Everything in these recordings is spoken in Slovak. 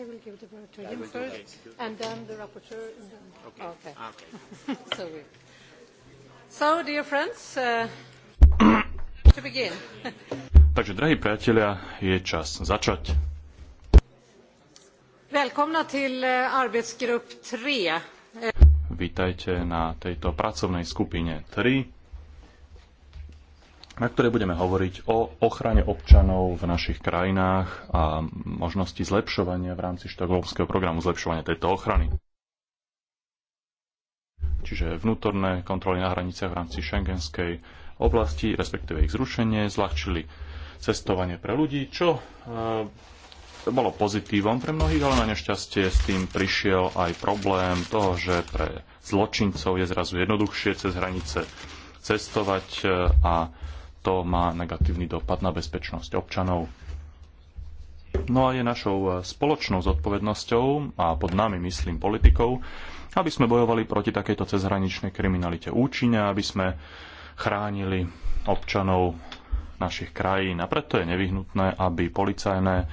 I will give the word to I him first, that. and then the rapporteur. And then... Okay. Okay. Ah, okay. Sorry. So, dear friends, uh, to begin. Takže, drahí priatelia, je čas začať. Välkomna till eh, arbetsgrupp 3. Vítajte na tejto pracovnej skupine 3 na ktorej budeme hovoriť o ochrane občanov v našich krajinách a možnosti zlepšovania v rámci štokholmského programu zlepšovania tejto ochrany. Čiže vnútorné kontroly na hraniciach v rámci šengenskej oblasti, respektíve ich zrušenie, zľahčili cestovanie pre ľudí, čo e, bolo pozitívom pre mnohých, ale na nešťastie s tým prišiel aj problém toho, že pre zločincov je zrazu jednoduchšie cez hranice cestovať e, a to má negatívny dopad na bezpečnosť občanov. No a je našou e, spoločnou zodpovednosťou, a pod nami myslím politikou, aby sme bojovali proti takejto cezhraničnej kriminalite účinne, aby sme chránili občanov našich krajín. A preto je nevyhnutné, aby policajné e,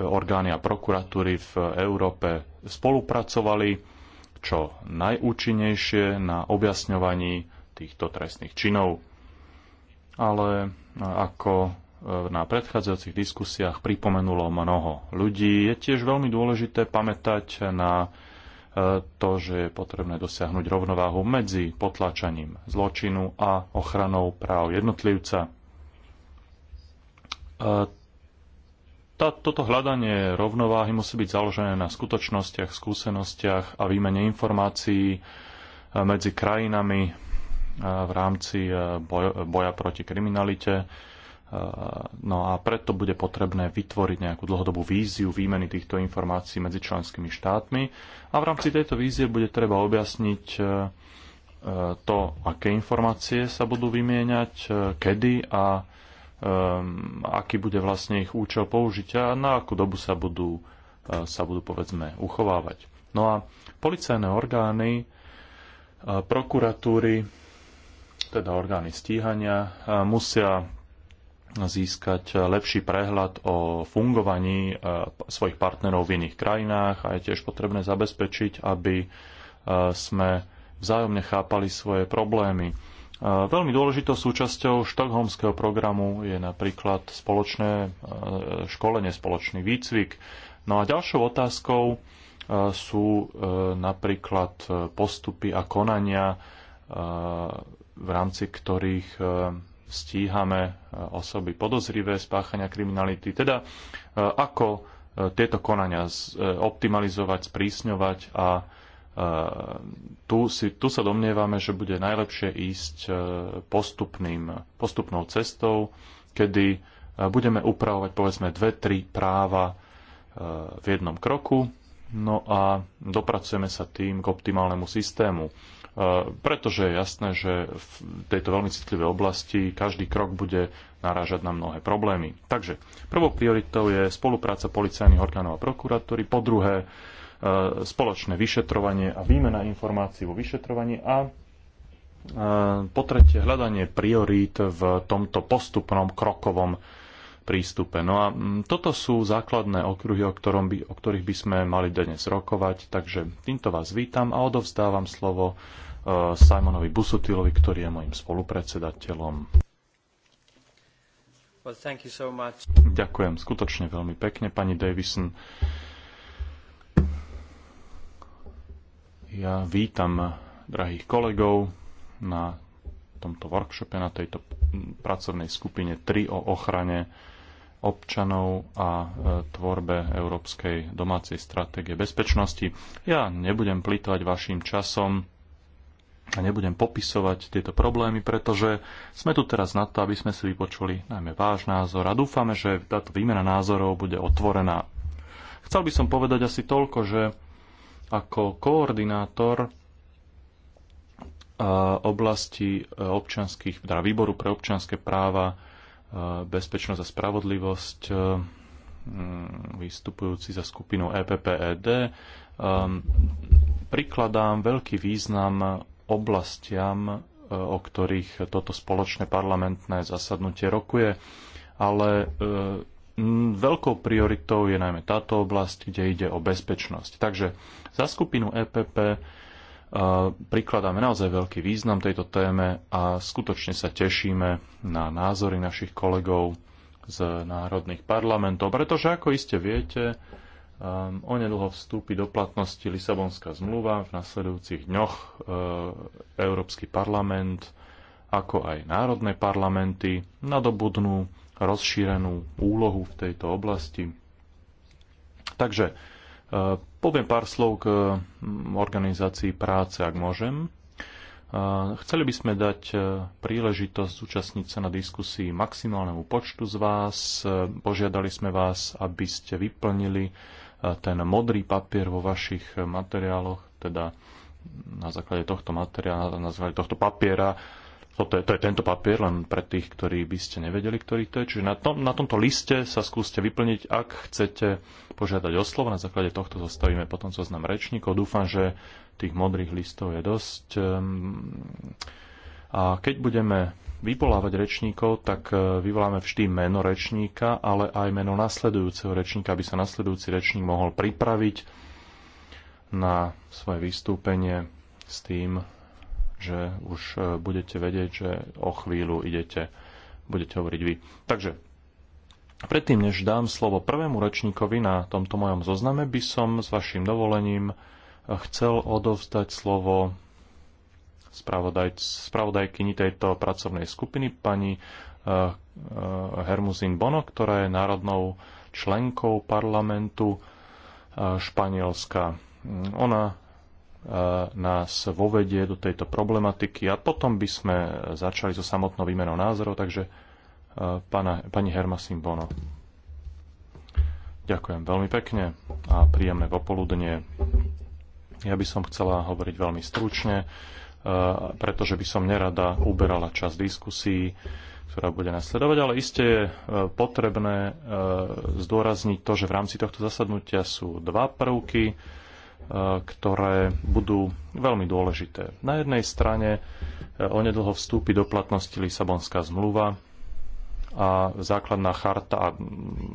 orgány a prokuratúry v Európe spolupracovali čo najúčinnejšie na objasňovaní týchto trestných činov ale e, ako e, na predchádzajúcich diskusiách pripomenulo mnoho ľudí, je tiež veľmi dôležité pamätať na e, to, že je potrebné dosiahnuť rovnováhu medzi potlačaním zločinu a ochranou práv jednotlivca. Tá, toto hľadanie rovnováhy musí byť založené na skutočnostiach, skúsenostiach a výmene informácií medzi krajinami v rámci e, boja proti kriminalite. E, no a preto bude potrebné vytvoriť nejakú dlhodobú víziu výmeny týchto informácií medzi členskými štátmi a v rámci tejto vízie bude treba objasniť e, to, aké informácie sa budú vymieňať, kedy a aký bude vlastne ich účel použitia a na akú dobu sa budú, sa budú povedzme uchovávať. No a policajné orgány prokuratúry teda orgány stíhania musia získať lepší prehľad o fungovaní e, svojich partnerov v iných krajinách a je tiež potrebné zabezpečiť, aby e, sme vzájomne chápali svoje problémy. E, veľmi dôležitou súčasťou štokholmského programu je napríklad spoločné školenie, spoločný výcvik. No a ďalšou otázkou sú napríklad postupy a konania v rámci ktorých e, stíhame e, osoby podozrivé spáchania kriminality, teda e, ako tieto konania optimalizovať, sprísňovať a tu, si, tu sa domnievame, že bude najlepšie ísť postupným, postupnou cestou, kedy budeme upravovať povedzme dve, tri práva v jednom kroku, no a dopracujeme sa tým k optimálnemu systému. Eh, pretože je jasné, že v tejto veľmi citlivej oblasti každý krok bude narážať na mnohé problémy. Takže prvou prioritou je spolupráca policajných orgánov a prokuratúry, po druhé eh, spoločné vyšetrovanie a výmena informácií vo vyšetrovaní a eh, po tretie hľadanie priorít v tomto postupnom krokovom prístupe. No a mm, toto sú základné okruhy, o, ktorom by, o ktorých by sme mali dnes rokovať, takže týmto vás vítam a odovzdávam slovo Simonovi Busutilovi, ktorý je môjim spolupredsedateľom. Well, so Ďakujem skutočne veľmi pekne, pani Davison. Ja vítam drahých kolegov na tomto workshope, na tejto pracovnej skupine 3 o ochrane občanov a e, tvorbe európskej domácej stratégie bezpečnosti. Ja nebudem plýtovať vašim časom a nebudem popisovať tieto problémy, pretože sme tu teraz na to, aby sme si vypočuli najmä váš názor a dúfame, že táto výmena názorov bude otvorená. Chcel by som povedať asi toľko, že ako koordinátor e, oblasti e, občanských, teda výboru pre občianske práva, e, bezpečnosť a spravodlivosť, vystupujúci za skupinu EPPED, prikladám veľký význam oblastiam, e, o ktorých toto spoločné parlamentné zasadnutie rokuje, ale e, veľkou prioritou je najmä táto oblasť, kde ide o bezpečnosť. Takže za skupinu EPP e, prikladáme naozaj veľký význam tejto téme a skutočne sa tešíme na názory našich kolegov z národných parlamentov, pretože ako iste viete, Um, onedlho vstúpi do platnosti Lisabonská zmluva. V nasledujúcich dňoch e, Európsky parlament, ako aj národné parlamenty, nadobudnú rozšírenú úlohu v tejto oblasti. Takže e, poviem pár slov k mm, organizácii práce, ak môžem. E, chceli by sme dať príležitosť zúčastniť sa na diskusii maximálnemu počtu z vás. Požiadali sme vás, aby ste vyplnili ten modrý papier vo vašich materiáloch, teda na základe tohto materiálu, na základe tohto papiera, toto je, to je tento papier, len pre tých, ktorí by ste nevedeli, ktorý to je. Čiže na, tom, na tomto liste sa skúste vyplniť, ak chcete požiadať o slovo. Na základe tohto zostavíme potom zoznam rečníkov. Dúfam, že tých modrých listov je dosť. Ehm, a keď budeme vyvolávať rečníkov, tak e, vyvoláme vždy meno rečníka, ale aj meno nasledujúceho rečníka, aby sa nasledujúci rečník mohol pripraviť na svoje vystúpenie s tým, že už e, budete vedieť, že o chvíľu idete, budete hovoriť vy. Takže predtým, než dám slovo prvému rečníkovi na tomto mojom zozname, by som s vašim dovolením e, chcel odovzdať slovo spravodaj, spravodajkyni tejto pracovnej skupiny, pani eh, eh, Hermuzin Bono, ktorá je národnou členkou parlamentu eh, Španielska. Ona nás vovedie do tejto problematiky a potom by sme začali so samotnou výmenou názorov, takže pana, pani Herma Simbono, Ďakujem veľmi pekne a príjemné popoludnie. Ja by som chcela hovoriť veľmi stručne. Eh, pretože by som nerada uberala čas diskusii, ktorá bude nasledovať, ale iste je eh, potrebné eh, zdôrazniť to, že v rámci tohto zasadnutia sú dva prvky, ktoré budú veľmi dôležité. Na jednej strane onedlho vstúpi do platnosti Lisabonská zmluva a základná charta a,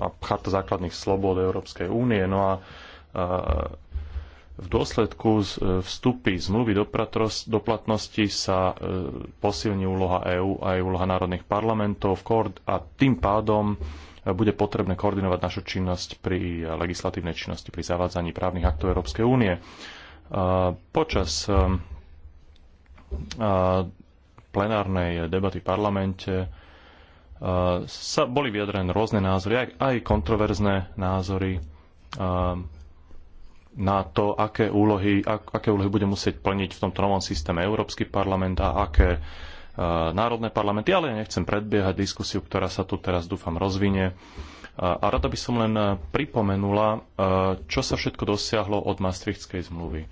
a charta základných slobod Európskej únie. No a v dôsledku e, vstupy zmluvy do, platnosti sa e, posilní úloha EÚ a aj úloha národných parlamentov a tým pádom e, bude potrebné koordinovať našu činnosť pri legislatívnej činnosti, pri zavádzaní právnych aktov Európskej únie. Počas plenárnej debaty v parlamente sa boli vyjadrené rôzne názory, aj kontroverzné názory na to, aké úlohy, ak, aké úlohy bude musieť plniť v tomto novom systéme Európsky parlament a aké e, národné parlamenty, ale ja nechcem predbiehať diskusiu, ktorá sa tu teraz dúfam rozvinie. E, a rada by som len e, pripomenula, čo sa všetko dosiahlo od Maastrichtskej zmluvy.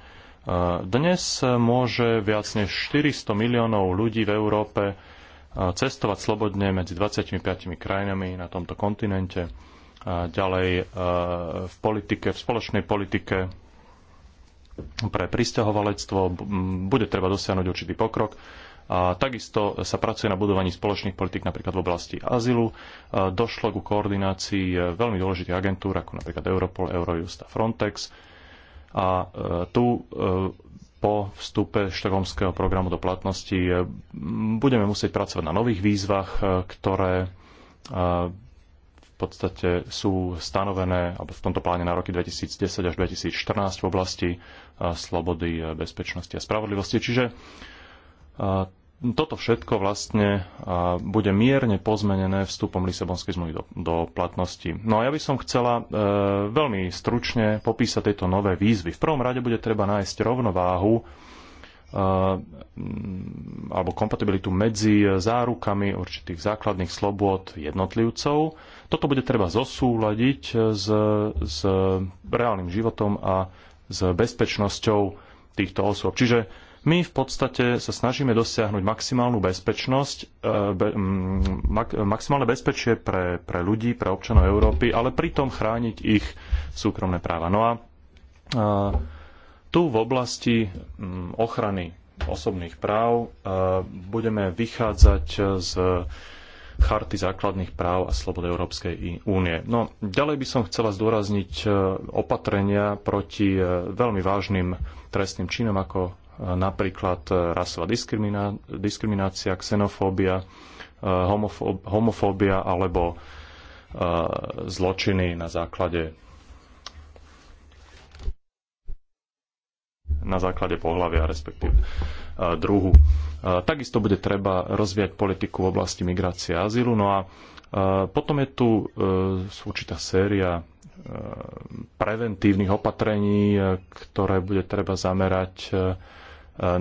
Dnes môže viac než 400 miliónov ľudí v Európe cestovať slobodne medzi 25 krajinami na tomto kontinente ďalej e, v politike, v spoločnej politike pre pristahovalectvo bude treba dosiahnuť určitý pokrok. A takisto sa pracuje na budovaní spoločných politik napríklad v oblasti azylu. E, došlo ku koordinácii veľmi dôležitých agentúr, ako napríklad Europol, Eurojust a Frontex. A e, tu po vstupe štokholmského programu do platnosti budeme musieť pracovať na nových výzvach, ktoré podstate sú stanovené alebo v tomto pláne na roky 2010 až 2014 v oblasti eh, slobody, eh, bezpečnosti a spravodlivosti. Čiže eh, toto všetko vlastne bude mierne pozmenené vstupom Lisabonskej zmluvy do, do platnosti. No a ja by som chcela veľmi stručne popísať tejto nové výzvy. V prvom rade bude treba nájsť rovnováhu Eh, alebo kompatibilitu medzi zárukami určitých základných slobôd jednotlivcov. Toto bude treba zosúľadiť s, s reálnym životom a s bezpečnosťou týchto osôb. Čiže my v podstate sa snažíme dosiahnuť maximálnu bezpečnosť, eh, be, mm, mak, maximálne bezpečie pre, pre ľudí, pre občanov Európy, ale pritom chrániť ich súkromné práva. No a, a eh, tu v oblasti mm, ochrany osobných práv e, budeme vychádzať z charty základných práv a slobod Európskej únie. No, ďalej by som chcela zdôrazniť e, opatrenia proti e, veľmi vážnym trestným činom, ako napríklad rasová diskriminá- diskriminácia, xenofóbia, homofóbia alebo zločiny na základe na základe pohľavia, respektíve e, druhu. E, takisto bude treba rozvíjať politiku v oblasti migrácie a azylu. No a e, potom je tu určitá séria preventívnych opatrení, ktoré bude treba zamerať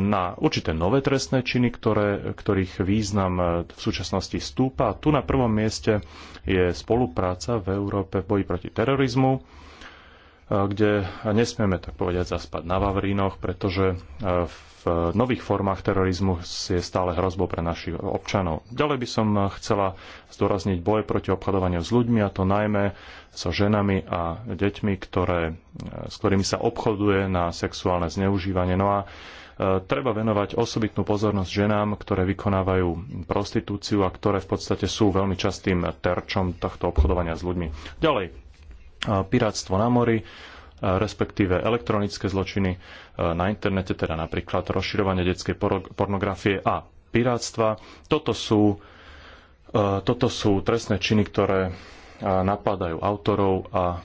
na určité nové trestné činy, ktoré, ktorých význam v súčasnosti stúpa. Tu na prvom mieste je spolupráca v Európe v boji proti terorizmu kde nesmieme, tak povedať, zaspať na Vavrínoch, pretože e, v nových formách terorizmu je stále hrozbou pre našich občanov. Ďalej by som e, chcela zdôrazniť boj proti obchodovaniu s ľuďmi, a to najmä so ženami a deťmi, ktoré, e, s ktorými sa obchoduje na sexuálne zneužívanie. No a treba venovať osobitnú pozornosť ženám, ktoré vykonávajú prostitúciu a ktoré v podstate sú veľmi častým terčom tohto obchodovania s ľuďmi. Ďalej, piráctvo na mori, e, respektíve elektronické zločiny e, na internete, teda napríklad rozširovanie detskej pornografie a piráctva. Toto sú, e, toto sú trestné činy, ktoré napadajú autorov a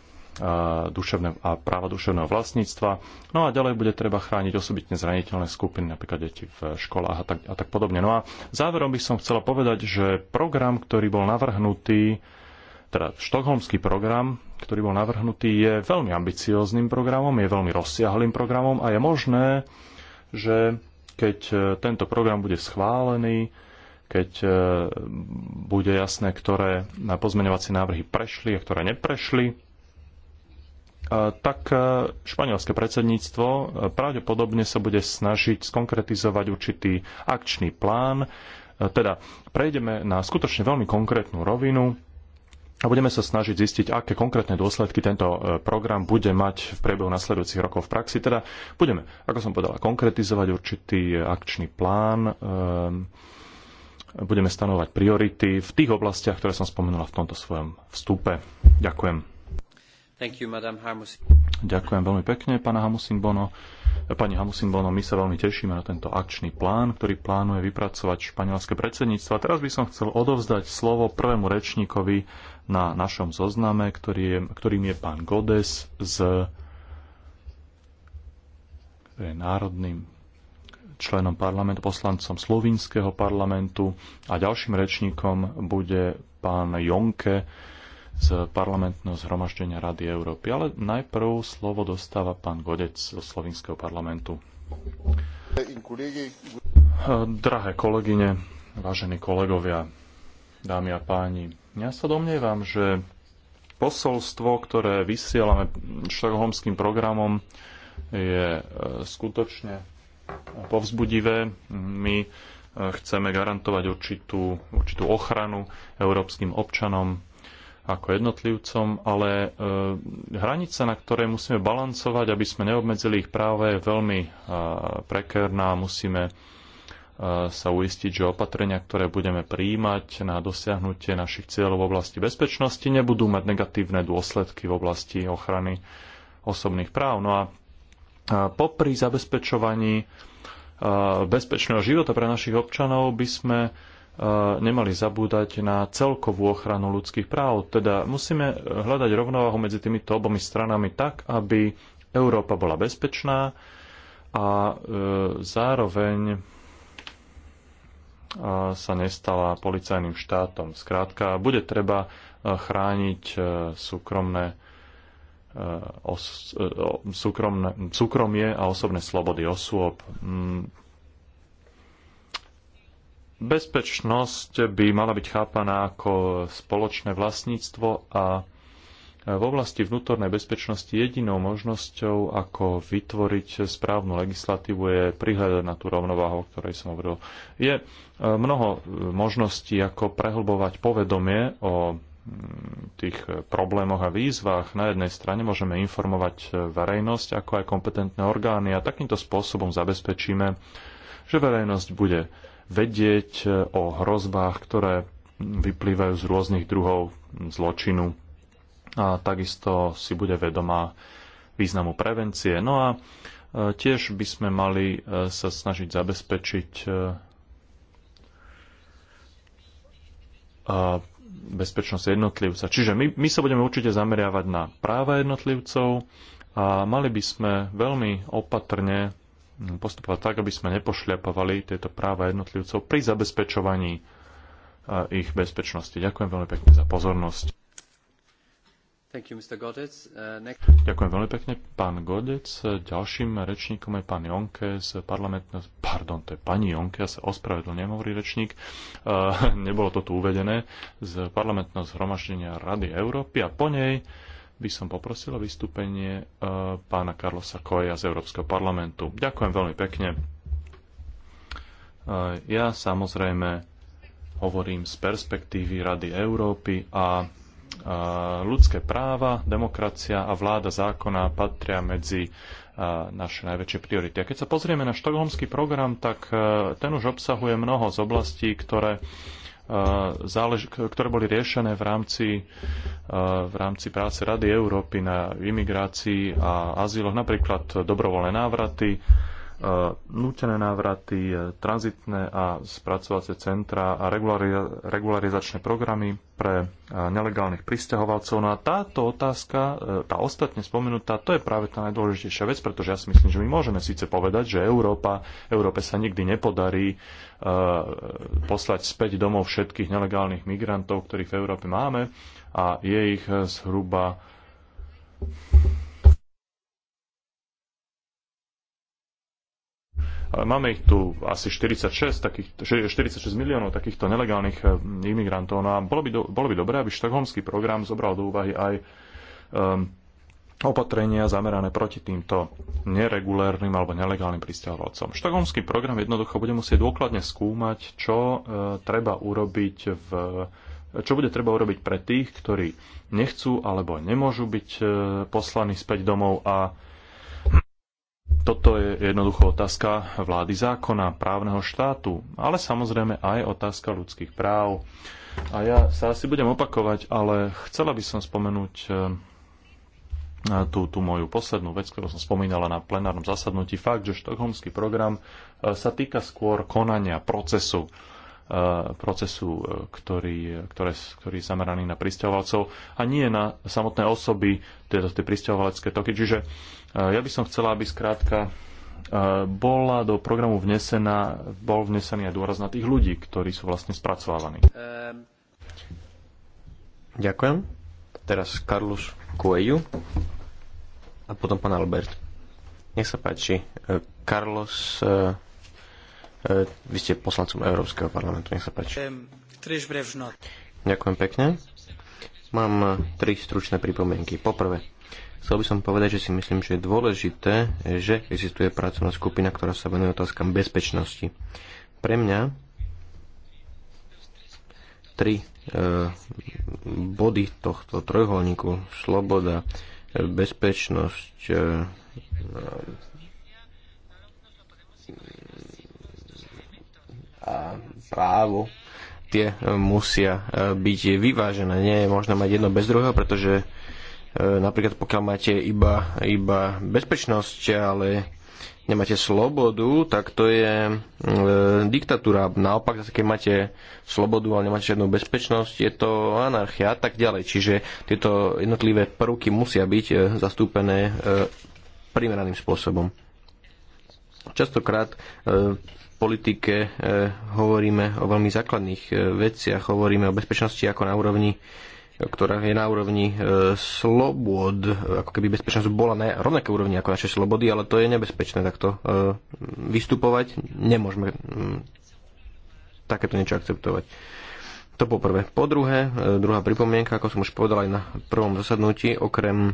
duševné a práva duševného vlastníctva. No a ďalej bude treba chrániť osobitne zraniteľné skupiny, napríklad deti v školách a tak, a tak podobne. No a záverom by som chcela povedať, že program, ktorý bol navrhnutý teda štokholmský program, ktorý bol navrhnutý, je veľmi ambicióznym programom, je veľmi rozsiahlým programom a je možné, že keď e, tento program bude schválený, keď e, bude jasné, ktoré pozmeňovacie návrhy prešli a ktoré neprešli, e, tak španielské predsedníctvo pravdepodobne sa bude snažiť skonkretizovať určitý akčný plán. Teda prejdeme na skutočne veľmi konkrétnu rovinu, a budeme sa snažiť zistiť, aké konkrétne dôsledky tento e, program bude mať v priebehu nasledujúcich rokov v praxi. Teda budeme, ako som povedala, konkretizovať určitý e, akčný plán, e, budeme stanovať priority v tých oblastiach, ktoré som spomenula v tomto svojom vstupe. Ďakujem. Thank you, Ďakujem veľmi pekne, pána Hamusin Bono. Pani Hamusin Bono, my sa veľmi tešíme na tento akčný plán, ktorý plánuje vypracovať španielské predsedníctvo. A teraz by som chcel odovzdať slovo prvému rečníkovi na našom zozname, ktorý je, ktorým je pán Godes z je národným členom parlamentu, poslancom slovinského parlamentu a ďalším rečníkom bude pán Jonke z parlamentného zhromaždenia Rady Európy. Ale najprv slovo dostáva pán Godec zo slovinského parlamentu. Drahé kolegyne, vážení kolegovia, dámy a páni. Ja sa domnievam, že posolstvo, ktoré vysielame štokholmským programom, je e, skutočne povzbudivé. My e, chceme garantovať určitú, určitú ochranu európskym občanom ako jednotlivcom, ale e, hranica, na ktorej musíme balancovať, aby sme neobmedzili ich práve, je veľmi prekerná a musíme E, sa uistiť, že opatrenia, ktoré budeme príjmať na dosiahnutie našich cieľov v oblasti bezpečnosti, nebudú mať negatívne dôsledky v oblasti ochrany osobných práv. No a popri zabezpečovaní e, bezpečného života pre našich občanov by sme e, nemali zabúdať na celkovú ochranu ľudských práv. Teda musíme hľadať rovnováhu medzi týmito obomi stranami tak, aby Európa bola bezpečná a zároveň sa nestala policajným štátom. Skrátka, bude treba e, chrániť e, súkromné, e, os, súkromné, súkromie a osobné slobody osôb. Mm. Bezpečnosť by mala byť chápaná ako spoločné vlastníctvo a v oblasti vnútornej bezpečnosti jedinou možnosťou, ako vytvoriť správnu legislatívu, je prihľadať na tú rovnováhu, o ktorej som hovoril. Je e, mnoho e, možností, ako prehlbovať povedomie o tých problémoch a výzvach. Na jednej strane môžeme informovať verejnosť, ako aj kompetentné orgány a takýmto spôsobom zabezpečíme, že verejnosť bude vedieť o hrozbách, ktoré vyplývajú z rôznych druhov zločinu a takisto si bude vedomá významu prevencie. No a e, tiež by sme mali e, sa snažiť zabezpečiť e, bezpečnosť jednotlivca. Čiže my, my sa budeme určite zameriavať na práva jednotlivcov a mali by sme veľmi opatrne postupovať tak, aby sme nepošľapovali tieto práva jednotlivcov pri zabezpečovaní ich bezpečnosti. Ďakujem veľmi pekne za pozornosť. You, uh, next... Ďakujem veľmi pekne, pán Godec. Ďalším rečníkom je pán Jonke z parlamentného... Pardon, to je pani Jonke, ja sa ospravedlňujem, hovorí rečník. Uh, nebolo to tu uvedené z parlamentného zhromaždenia Rady Európy a po nej by som poprosil o vystúpenie uh, pána Carlosa Coeja z Európskeho parlamentu. Ďakujem veľmi pekne. Uh, ja samozrejme hovorím z perspektívy Rady Európy a Ľudské práva, demokracia a vláda zákona patria medzi naše najväčšie priority. A keď sa pozrieme na štokholmský program, tak e, ten už obsahuje mnoho z oblastí, ktoré e, zálež- ktoré boli riešené v rámci, e, v rámci práce Rady Európy na imigrácii a azyloch, napríklad dobrovoľné návraty, E, nútené návraty, e, tranzitné a spracovacie centra a regularizačné programy pre e, nelegálnych pristahovalcov. No a táto otázka, tá ostatne spomenutá, to je práve tá najdôležitejšia vec, pretože ja si myslím, že my môžeme síce povedať, že Európa, Európe sa nikdy nepodarí poslať späť domov všetkých nelegálnych migrantov, ktorých v Európe máme a je ich zhruba Máme ich tu asi 46, takých, 46 miliónov takýchto nelegálnych eh, imigrantov. No a bolo by, do, bolo by dobré, aby štokholmský program zobral do úvahy aj um, opatrenia zamerané proti týmto neregulérnym alebo nelegálnym pristahovalcom. Štokholmský program jednoducho bude musieť dôkladne skúmať, čo eh, treba urobiť v čo bude treba urobiť pre tých, ktorí nechcú alebo nemôžu byť poslaní späť domov a toto je jednoducho otázka vlády zákona, právneho štátu, ale samozrejme aj otázka ľudských práv. A ja sa asi budem opakovať, ale chcela by som spomenúť eh, tú, tú moju poslednú vec, ktorú som spomínala na plenárnom zasadnutí, fakt, že štokholmský program eh, sa týka skôr konania procesu, eh, procesu, ktorý, ktoré, ktorý je zameraný na pristahovalcov a nie na samotné osoby, tieto teda tie pristahovalecké toky. Čiže Eh, ja by som chcela, aby skrátka eh, bola do programu vnesená, bol vnesený aj dôraz na tých ľudí, ktorí sú vlastne spracovávaní. Ehm. Ďakujem. Teraz Karlus Kueju. a potom pán Albert. Nech sa páči. Eh, Carlos, vy ste poslancom Európskeho parlamentu. Nech sa páči. Ehm, Ďakujem pekne. Mám tri stručné pripomienky. Poprvé, Chcel by som povedať, že si myslím, že je dôležité, že existuje pracovná skupina, ktorá sa venuje otázkam bezpečnosti. Pre mňa tri e, body tohto trojholníku, sloboda, e, bezpečnosť, e, a právo, tie e, musia e, byť vyvážené. Nie je možné mať jedno bez druhého, pretože e, E, napríklad pokiaľ máte iba, iba bezpečnosť, ale nemáte slobodu, tak to je e, diktatúra. Naopak, zase keď máte slobodu, ale nemáte žiadnu bezpečnosť, je to anarchia a tak ďalej. Čiže tieto jednotlivé prvky musia byť e, zastúpené e, primeraným spôsobom. Častokrát e, v politike e, hovoríme o veľmi základných e, veciach, hovoríme o bezpečnosti ako na úrovni ktorá je na úrovni e, slobod, ako keby bezpečnosť bola na rovnaké úrovni ako naše slobody, ale to je nebezpečné takto e, vystupovať. Nemôžeme mm, takéto niečo akceptovať. To poprvé. Po druhé, e, druhá pripomienka, ako som už povedal aj na prvom zasadnutí, okrem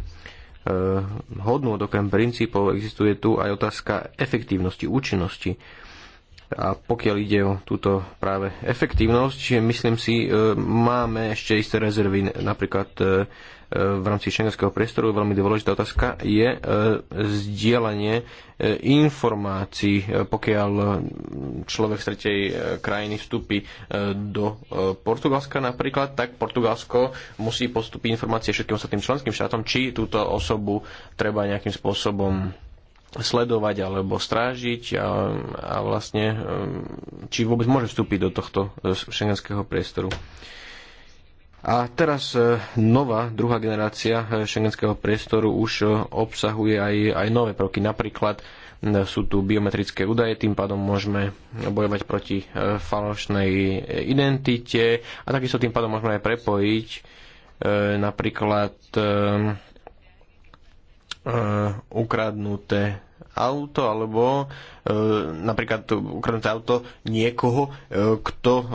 hodnú, okrem princípov, existuje tu aj otázka efektívnosti, účinnosti a pokiaľ ide o túto práve efektívnosť, čiže myslím si, e, máme ešte isté rezervy, napríklad e, e, v rámci šengenského priestoru veľmi dôležitá otázka je zdieľanie informácií, pokiaľ človek z tretej krajiny vstúpi do Portugalska napríklad, tak Portugalsko musí postúpiť informácie všetkým ostatným členským štátom, či túto osobu treba nejakým spôsobom sledovať alebo strážiť a, a vlastne um, či vôbec môže vstúpiť do tohto šengenského priestoru. A teraz e, nová, druhá generácia e, šengenského priestoru už e, obsahuje aj, aj nové prvky. Napríklad sú tu biometrické údaje, tým pádom môžeme bojovať proti falošnej identite a takisto tým pádom môžeme aj prepojiť napríklad E, ukradnuté auto alebo e, napríklad ukradnuté auto niekoho, e, kto e,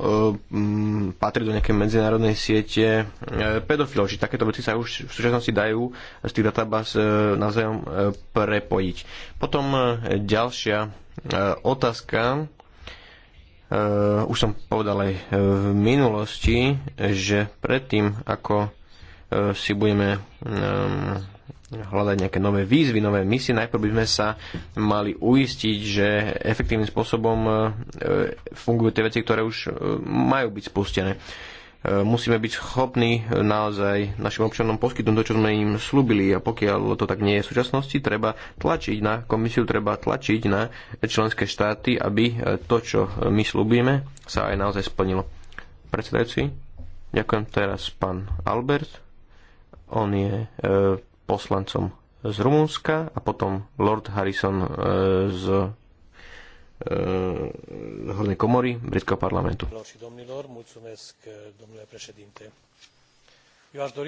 m, patrí do nejakej medzinárodnej siete e, pedofilov. Čiže takéto veci sa už v súčasnosti dajú z tých databáz e, navzájom e, prepojiť. Potom e, ďalšia e, otázka. E, už som povedal aj e, v minulosti, že predtým, ako e, si budeme hľadať nejaké nové výzvy, nové misie. Najprv by sme sa mali uistiť, že efektívnym spôsobom e, fungujú tie veci, ktoré už e, majú byť spustené. E, musíme byť schopní naozaj našim občanom poskytnúť to, čo sme im slúbili a pokiaľ to tak nie je v súčasnosti, treba tlačiť na komisiu, treba tlačiť na členské štáty, aby to, čo my slúbime, sa aj naozaj splnilo. Predsedajúci, ďakujem teraz pán Albert. On je poslancom z Rumunska a potom Lord Harrison e, z e, Hornej komory britského parlamentu.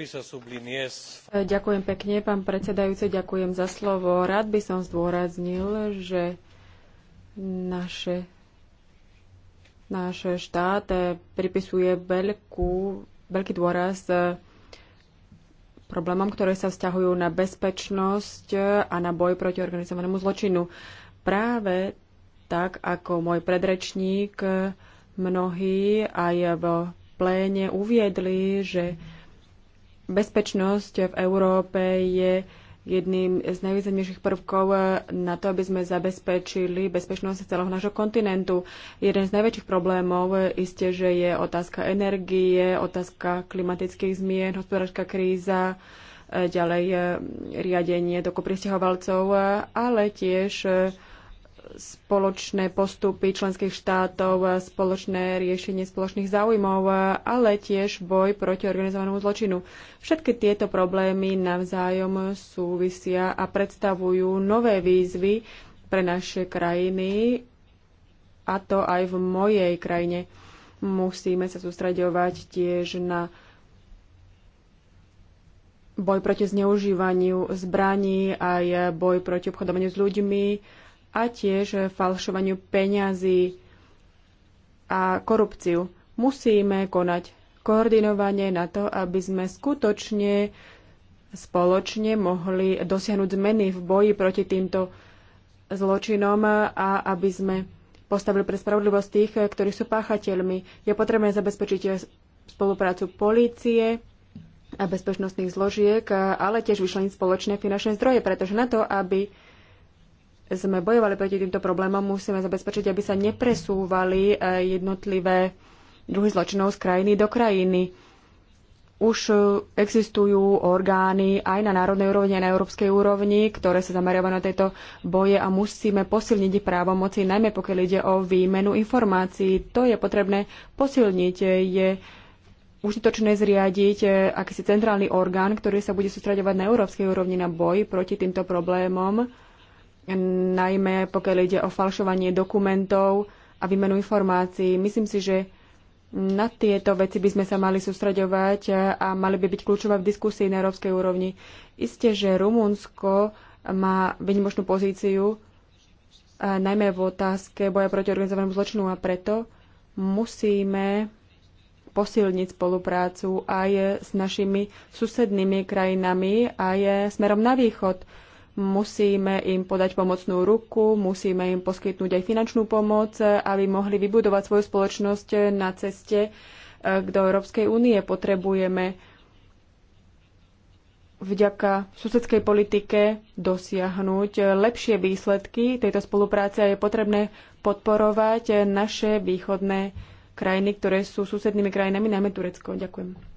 E, ďakujem pekne, pán predsedajúce, ďakujem za slovo. Rád by som zdôraznil, že naše, naše štát pripisuje veľkú, veľký dôraz problémom, ktoré sa vzťahujú na bezpečnosť a na boj proti organizovanému zločinu. Práve tak, ako môj predrečník, mnohí aj v pléne uviedli, že bezpečnosť v Európe je jedným z najvýznamnejších prvkov eh, na to, aby sme zabezpečili bezpečnosť celého nášho kontinentu. Jeden z najväčších problémov eh, isté, že je otázka energie, otázka klimatických zmien, hospodárska kríza, eh, ďalej riadenie toku pristahovalcov, ale tiež spoločné postupy členských štátov, spoločné riešenie spoločných záujmov, ale tiež boj proti organizovanému zločinu. Všetky tieto problémy navzájom súvisia a predstavujú nové výzvy pre naše krajiny, a to aj v mojej krajine. Musíme sa sústraďovať tiež na boj proti zneužívaniu zbraní, aj boj proti obchodovaniu s ľuďmi, a tiež falšovaniu peňazí a korupciu. Musíme konať koordinovanie na to, aby sme skutočne spoločne mohli dosiahnuť zmeny v boji proti týmto zločinom a aby sme postavili pre spravodlivosť tých, ktorí sú páchateľmi. Je potrebné zabezpečiť spoluprácu polície a bezpečnostných zložiek, ale tiež vyšleniť spoločné finančné zdroje, pretože na to, aby sme bojovali proti týmto problémom, musíme zabezpečiť, aby sa nepresúvali e, jednotlivé druhy zločinov z krajiny do krajiny. Už e, existujú orgány aj na národnej úrovni, aj na európskej úrovni, ktoré sa zameriavajú na tieto boje a musíme posilniť právomoci, najmä pokiaľ ide o výmenu informácií. To je potrebné posilniť. E, je užitočné zriadiť akýsi centrálny orgán, ktorý sa bude sústraďovať na európskej úrovni na boj proti týmto problémom najmä pokiaľ ide o falšovanie dokumentov a výmenu informácií. Myslím si, že na tieto veci by sme sa mali sústreďovať a mali by byť kľúčové v diskusii na európskej úrovni. Isté, že Rumunsko má vynimočnú pozíciu, e, najmä v otázke boja proti organizovanému zločinu a preto musíme posilniť spoluprácu aj s našimi susednými krajinami, aj smerom na východ musíme im podať pomocnú ruku, musíme im poskytnúť aj finančnú pomoc, aby mohli vybudovať svoju spoločnosť na ceste eh, k do Európskej únie. Potrebujeme vďaka susedskej politike dosiahnuť lepšie výsledky tejto spolupráce a je potrebné podporovať naše východné krajiny, ktoré sú susednými krajinami, najmä Turecko. Ďakujem.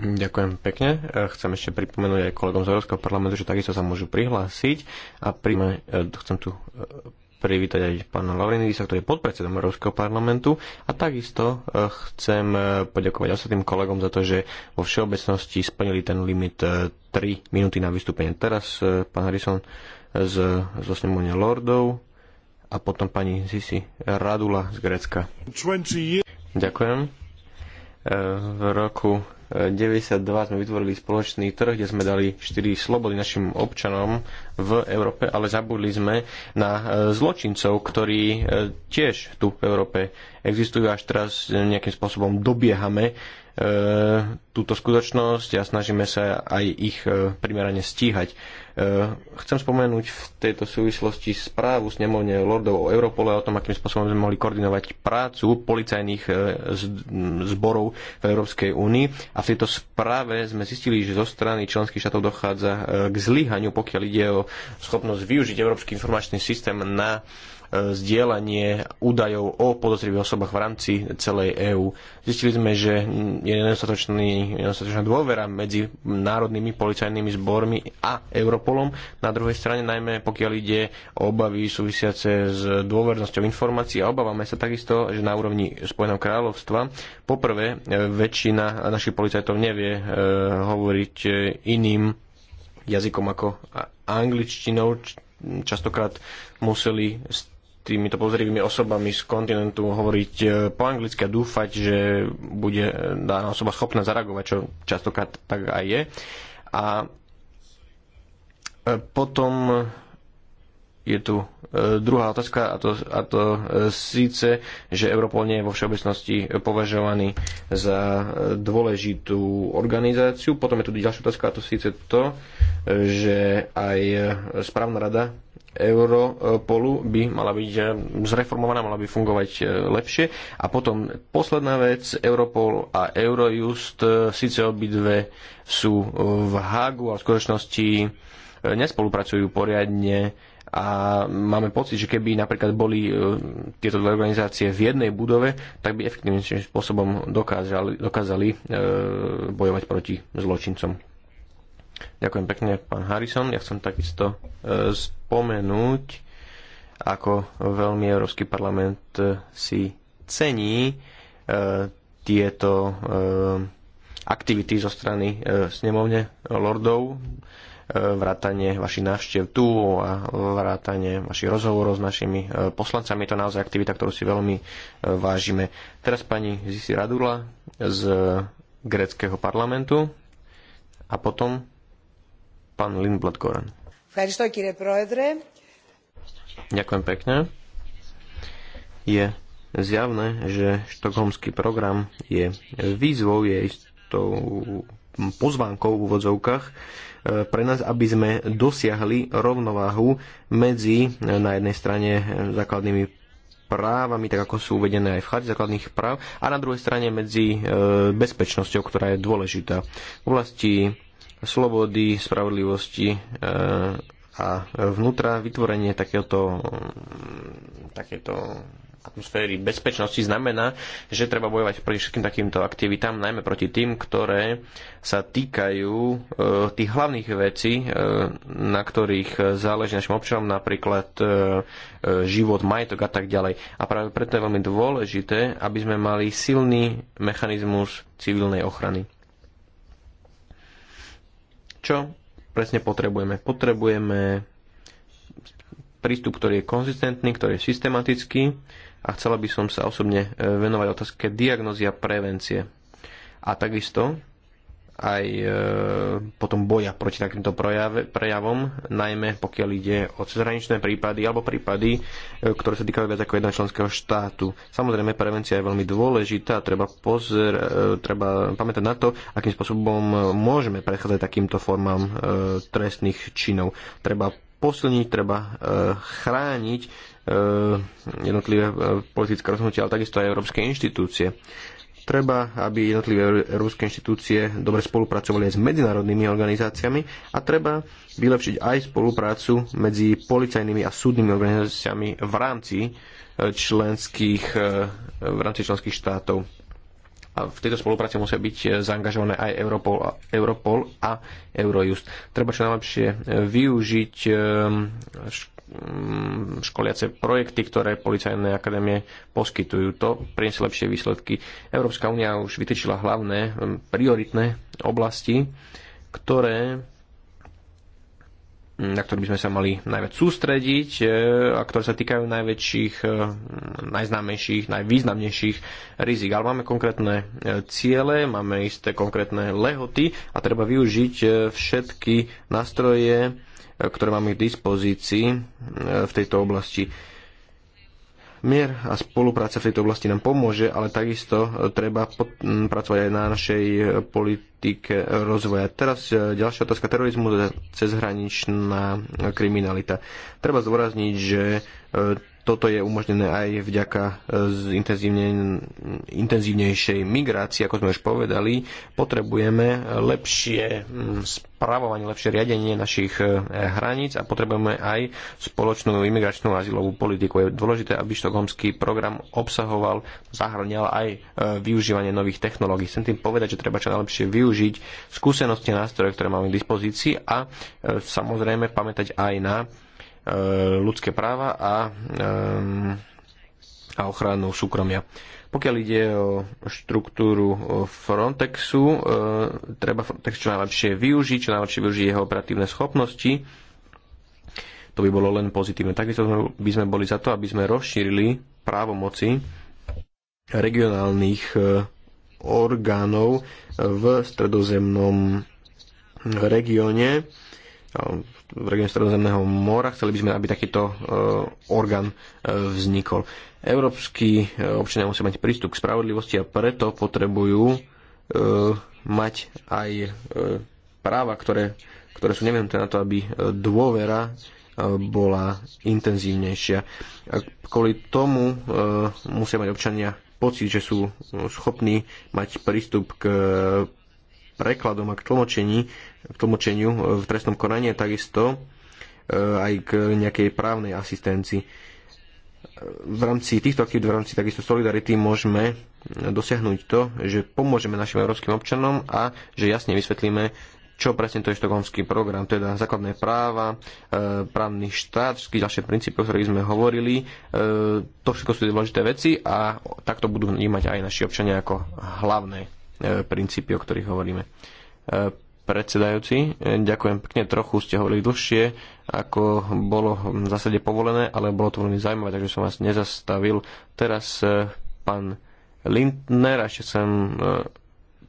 Ďakujem pekne. E, chcem ešte pripomenúť aj kolegom z Európskeho parlamentu, že takisto sa môžu prihlásiť a príjme, e, chcem tu e, privítať aj pána Laurinidisa, ktorý je podpredsedom Európskeho parlamentu a takisto chcem poďakovať ostatným kolegom za to, že vo všeobecnosti splnili ten limit 3 minúty na vystúpenie. Teraz pán Harrison z, z osnemovne Lordov a potom pani Zisi Radula z Grécka. Ďakujem. V roku 92 sme vytvorili spoločný trh, kde sme dali 4 slobody našim občanom v Európe, ale zabudli sme na e, zločincov, ktorí e, tiež tu v Európe existujú až teraz nejakým spôsobom dobiehame e, túto skutočnosť a snažíme sa aj ich primerane stíhať. Eh, chcem spomenúť v tejto súvislosti správu s nemovne lordov o Europole o tom, akým spôsobom sme mohli koordinovať prácu policajných eh, zborov v Európskej únii. A v tejto správe sme zistili, že zo strany členských štátov dochádza eh, k zlyhaniu, pokiaľ ide o schopnosť využiť Európsky informačný systém na zdieľanie údajov o podozrivých osobách v rámci celej EÚ. Zistili sme, že je nedostatočná dôvera medzi národnými policajnými zbormi a Európou Europolom, na druhej strane najmä pokiaľ ide o obavy súvisiace s dôvernosťou informácií a obávame sa takisto, že na úrovni Spojeného kráľovstva poprvé e, väčšina našich policajtov nevie e, hovoriť e, iným jazykom ako angličtinou, častokrát museli týmito pozrivými osobami z kontinentu hovoriť po anglicky a dúfať, že bude daná osoba schopná zareagovať, čo častokrát tak aj je. A E, potom je tu e, druhá otázka a to, a to e, síce, že Europol nie je vo všeobecnosti považovaný za dôležitú organizáciu. Potom je tu ďalšia otázka a to síce to, že aj správna rada Europolu by mala byť zreformovaná, mala by fungovať lepšie. A potom posledná vec, Europol a Eurojust, síce obidve sú v Hágu, a v skutočnosti nespolupracujú poriadne a máme pocit, že keby napríklad boli e, tieto dve organizácie v jednej budove, tak by efektívnejším spôsobom dokázali, dokázali e, bojovať proti zločincom. Ďakujem pekne, pán Harrison. Ja chcem takisto e, spomenúť, ako veľmi Európsky parlament si cení tieto aktivity zo strany snemovne lordov vrátanie vašich návštev tu a vrátanie vašich rozhovorov s našimi e, poslancami. Je to naozaj aktivita, ktorú si veľmi e, vážime. Teraz pani Zisi Radula z greckého parlamentu a potom pán Lindblad Koran. Ďakujem pekne. Je zjavné, že štokholmský program je výzvou, je istou pozvánkou v úvodzovkách E, pre nás, aby sme dosiahli rovnováhu medzi e, na jednej strane základnými právami, tak ako sú uvedené aj v charte základných práv, a na druhej strane medzi e, bezpečnosťou, ktorá je dôležitá. V oblasti slobody, spravodlivosti a vnútra vytvorenie takéto, takéto atmosféry bezpečnosti znamená, že treba bojovať proti všetkým takýmto aktivitám, najmä proti tým, ktoré sa týkajú e, tých hlavných vecí, e, na ktorých záleží našim občanom, napríklad e, život, majetok a tak ďalej. A práve preto je veľmi dôležité, aby sme mali silný mechanizmus civilnej ochrany. Čo presne potrebujeme? Potrebujeme prístup, ktorý je konzistentný, ktorý je systematický a chcela by som sa osobne e, venovať otázke diagnózy a prevencie. A takisto aj e, potom boja proti takýmto prejavom, najmä pokiaľ ide o cezhraničné prípady alebo prípady, e, ktoré sa týkajú viac ako jedného členského štátu. Samozrejme, prevencia je veľmi dôležitá, treba, pozr, treba pamätať na to, akým spôsobom môžeme prechádzať takýmto formám trestných činov. Treba posilniť, treba e, chrániť e, jednotlivé e, politické rozhodnutia, ale takisto aj európske inštitúcie. Treba, aby jednotlivé európske inštitúcie dobre spolupracovali aj s medzinárodnými organizáciami a treba vylepšiť aj spoluprácu medzi policajnými a súdnymi organizáciami v rámci členských, v rámci členských štátov a v tejto spolupráci musia byť e, zaangažované aj Europol a, Europol a Eurojust. Treba čo najlepšie e, využiť e, mm, školiace projekty, ktoré policajné akadémie poskytujú. To priniesie lepšie výsledky. Európska únia už vytýčila hlavné prioritné oblasti, ktoré na ktoré by sme sa mali najviac sústrediť e, a ktoré sa týkajú najväčších, e, najznámejších, najvýznamnejších rizik. Ale máme konkrétne e, ciele, máme isté konkrétne lehoty a treba využiť všetky nástroje, ktoré máme k dispozícii v tejto oblasti Mier a spolupráca v tejto oblasti nám pomôže, ale takisto e, treba pracovať aj na našej e, politike rozvoja. Teraz e, ďalšia otázka terorizmu, cezhraničná kriminalita. Treba zdôrazniť, že toto je umožnené aj vďaka e, intenzívne, intenzívnejšej migrácii, ako sme už povedali. Potrebujeme lepšie mm, spravovanie, lepšie riadenie našich e, hraníc a potrebujeme aj spoločnú imigračnú azylovú politiku. Je dôležité, aby štokholmský program obsahoval, zahrňal aj e, využívanie nových technológií. Chcem tým povedať, že treba čo najlepšie využiť skúsenosti a nástroje, ktoré máme k dispozícii a samozrejme pamätať aj na Eh, ľudské práva a, eh, a ochranu súkromia. Pokiaľ ide o štruktúru eh, Frontexu, treba Frontex čo najlepšie využiť, čo najlepšie využiť jeho operatívne schopnosti. To by bolo len pozitívne. Takisto by sme boli za to, aby sme rozšírili právomoci regionálnych orgánov v stredozemnom regióne, v regióne Stredozemného mora. Chceli by sme, aby takýto e, orgán e, vznikol. Európsky e, občania musia mať prístup k spravodlivosti a preto potrebujú mať aj práva, ktoré, ktoré sú nevyhnuté na to, aby dôvera bola intenzívnejšia. Kvôli tomu musia mať občania pocit, že sú schopní mať prístup k prekladom a k, tlmočení, k tlmočeniu e, v trestnom konaní a takisto e, aj k nejakej právnej asistencii. E, v rámci týchto aktivít, v rámci takisto Solidarity môžeme dosiahnuť to, že pomôžeme našim európskym občanom a že jasne vysvetlíme, čo presne to je štokholmský program, teda základné práva, právny štát, všetky ďalšie princípy, o ktorých sme hovorili. to všetko sú dôležité veci a takto budú vnímať aj naši občania ako hlavné. E, princípy, o ktorých hovoríme. E, predsedajúci, e, ďakujem pekne, trochu ste hovorili dlhšie, ako bolo v zásade povolené, ale bolo to veľmi zaujímavé, takže som vás nezastavil. Teraz pán Lindner, a ešte chcem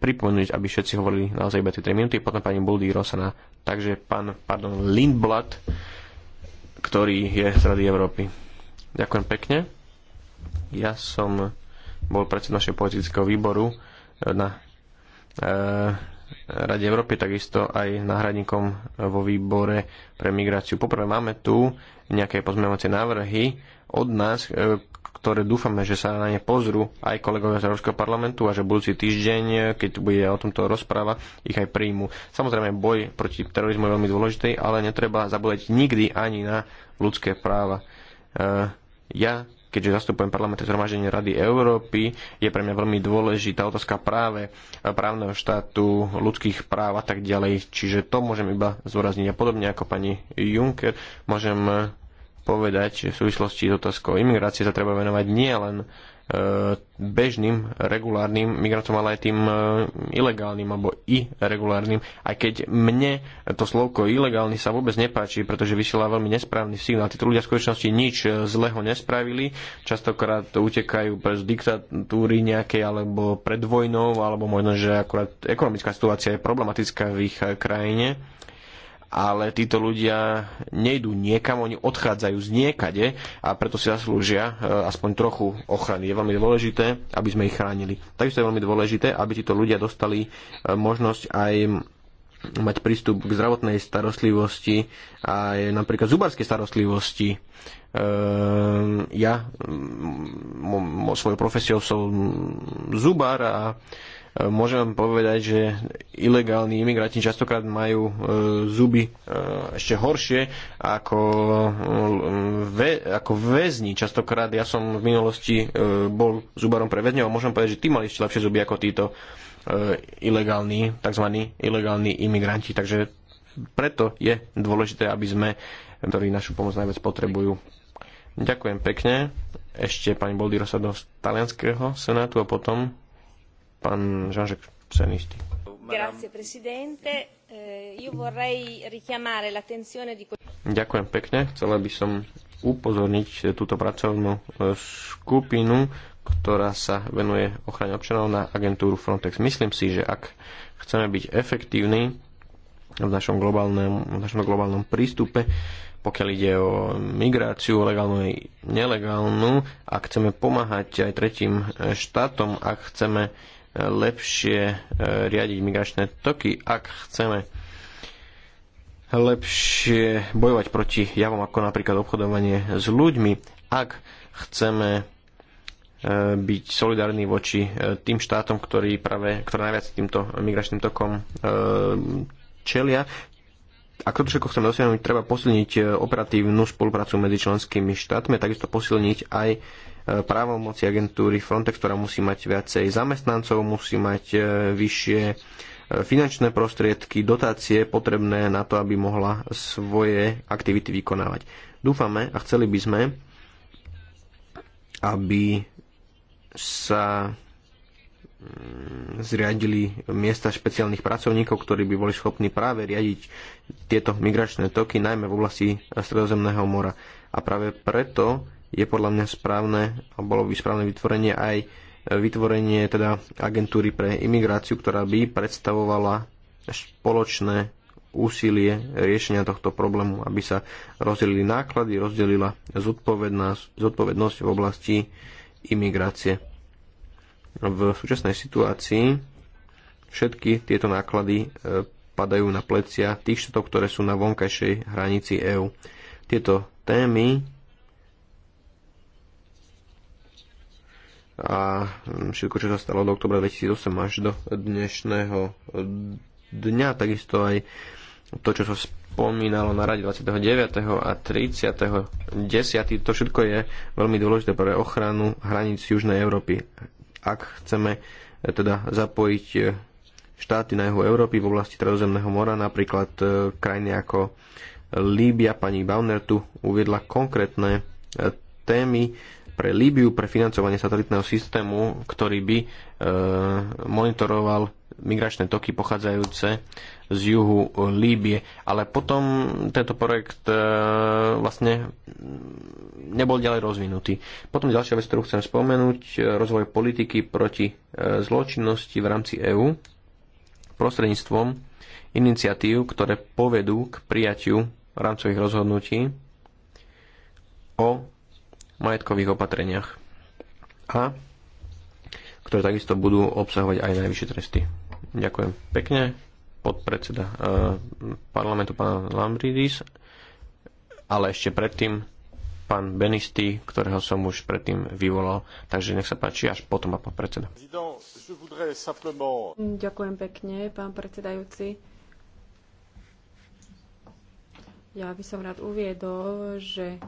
pripomenúť, aby všetci hovorili naozaj iba tie 3 minúty, potom pani Buldy Rosana. Takže pán, pardon, Lindblad, ktorý je z Rady Európy. Ďakujem pekne. Ja som bol predsed našej politického výboru na e, Rade Európy, takisto aj náhradníkom vo výbore pre migráciu. Poprvé máme tu nejaké pozmeňovacie návrhy od nás, e, ktoré dúfame, že sa na ne pozrú aj kolegovia z Európskeho parlamentu a že budúci týždeň, keď bude o tomto rozpráva, ich aj príjmu. Samozrejme, boj proti terorizmu je veľmi dôležitý, ale netreba zabúdať nikdy ani na ľudské práva. E, ja keďže zastupujem parlamentné zhromaždenie Rady Európy, je pre mňa veľmi dôležitá otázka práve e, právneho štátu, ľudských práv a tak ďalej. Čiže to môžem iba zúrazniť. A podobne ako pani Juncker, môžem e, povedať, že v súvislosti s otázkou imigrácie sa treba venovať nielen E, bežným regulárnym migrantom, ale aj tým e, ilegálnym alebo irregulárnym. Aj keď mne to slovko ilegálny sa vôbec nepáči, pretože vysiela veľmi nesprávny signál. Títo ľudia v skutočnosti nič e, zlého nespravili. Častokrát utekajú pre diktatúry nejakej alebo pred vojnou, alebo možno, že akurát ekonomická situácia je problematická v ich krajine ale títo ľudia nejdú niekam, oni odchádzajú z niekade a preto si zaslúžia eh, aspoň trochu ochrany. Je veľmi dôležité, aby sme ich chránili. Takisto je veľmi dôležité, aby títo ľudia dostali eh, možnosť aj mať prístup k zdravotnej starostlivosti a aj napríklad zubárskej starostlivosti. Eh, ja mm, mm, svojou profesiou som zubár a Môžem vám povedať, že ilegálni imigranti častokrát majú e, zuby e, ešte horšie ako, e, ve, ako väzni. Častokrát ja som v minulosti bol zubarom pre väzňov a môžem povedať, že tí mali ešte lepšie zuby ako títo ilegálni, tzv. ilegálni imigranti. Takže preto je dôležité, aby sme, ktorí našu pomoc najviac potrebujú. Ďakujem pekne. Ešte pani Boldy sa do talianského senátu a potom Grazie, presidente. Eh, io vorrei richiamare l'attenzione di... Ďakujem pekne. Chcela by som upozorniť túto pracovnú eh, skupinu, ktorá sa venuje ochrane občanov na agentúru Frontex. Myslím si, že ak chceme byť efektívni v našom globálnom, v našom globálnom prístupe, pokiaľ ide o migráciu, legálnu aj nelegálnu, ak chceme pomáhať aj tretím štátom, ak chceme lepšie e, riadiť migračné toky, ak chceme lepšie bojovať proti javom ako napríklad obchodovanie s ľuďmi, ak chceme e, byť solidárni voči e, tým štátom, ktorí práve, ktoré najviac týmto migračným tokom čelia. Ak to všetko chceme dosiahnuť, treba posilniť operatívnu spoluprácu medzi členskými štátmi, takisto posilniť aj Eh, právomoci agentúry Frontex, ktorá musí mať viacej zamestnancov, musí mať eh, vyššie eh, finančné prostriedky, dotácie potrebné na to, aby mohla svoje aktivity vykonávať. Dúfame a chceli by sme, aby sa mm, zriadili miesta špeciálnych pracovníkov, ktorí by boli schopní práve riadiť tieto migračné toky, najmä v oblasti Stredozemného mora. A práve preto je podľa mňa správne, a bolo by správne vytvorenie aj e, vytvorenie teda agentúry pre imigráciu, ktorá by predstavovala spoločné úsilie riešenia tohto problému, aby sa rozdelili náklady, rozdelila zodpovednosť v oblasti imigrácie. V súčasnej situácii všetky tieto náklady e, padajú na plecia tých štátov, ktoré sú na vonkajšej hranici EÚ. Tieto témy a všetko, čo sa stalo od oktobra 2008 až do dnešného dňa, takisto aj to, čo sa spomínalo na rade 29. a 30. 10. To všetko je veľmi dôležité pre ochranu hraníc Južnej Európy. Ak chceme eh, teda zapojiť eh, štáty na juhu Európy v oblasti Tredozemného mora, napríklad eh, krajiny ako Líbia, pani Bauner tu uviedla konkrétne témy, pre Líbiu pre financovanie satelitného systému, ktorý by e, monitoroval migračné toky pochádzajúce z juhu Líbie. Ale potom tento projekt e, vlastne nebol ďalej rozvinutý. Potom ďalšia vec, ktorú chcem spomenúť, e, rozvoj politiky proti e, zločinnosti v rámci EÚ prostredníctvom iniciatív, ktoré povedú k prijatiu rámcových rozhodnutí o majetkových opatreniach a ktoré takisto budú obsahovať aj najvyššie tresty. Ďakujem pekne. Podpredseda e, parlamentu pán Lambridis, ale ešte predtým pán Benisty, ktorého som už predtým vyvolal. Takže nech sa páči, až potom a pán predseda. Ďakujem pekne, pán predsedajúci. Ja by som rád uviedol, že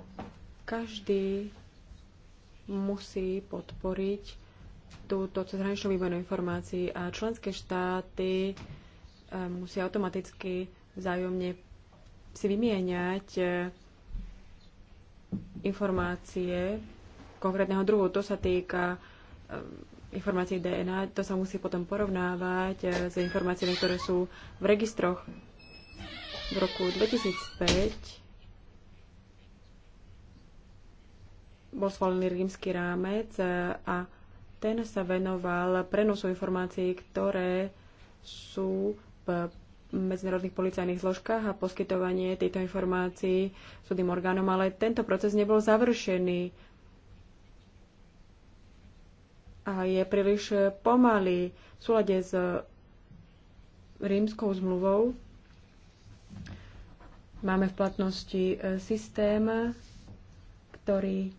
každý musí podporiť túto cezhraničnú výmenu informácií a členské štáty eh, musia automaticky vzájomne si vymieňať eh, informácie konkrétneho druhu. To sa týka eh, informácií DNA, to sa musí potom porovnávať s informáciami, ktoré sú v registroch. V roku 2005 bol zvolený rímsky rámec e, a ten sa venoval prenosu informácií, ktoré sú v medzinárodných policajných zložkách a poskytovanie tejto informácií súdnym orgánom, ale tento proces nebol završený a je príliš pomalý v súlade s rímskou zmluvou. Máme v platnosti e, systém, ktorý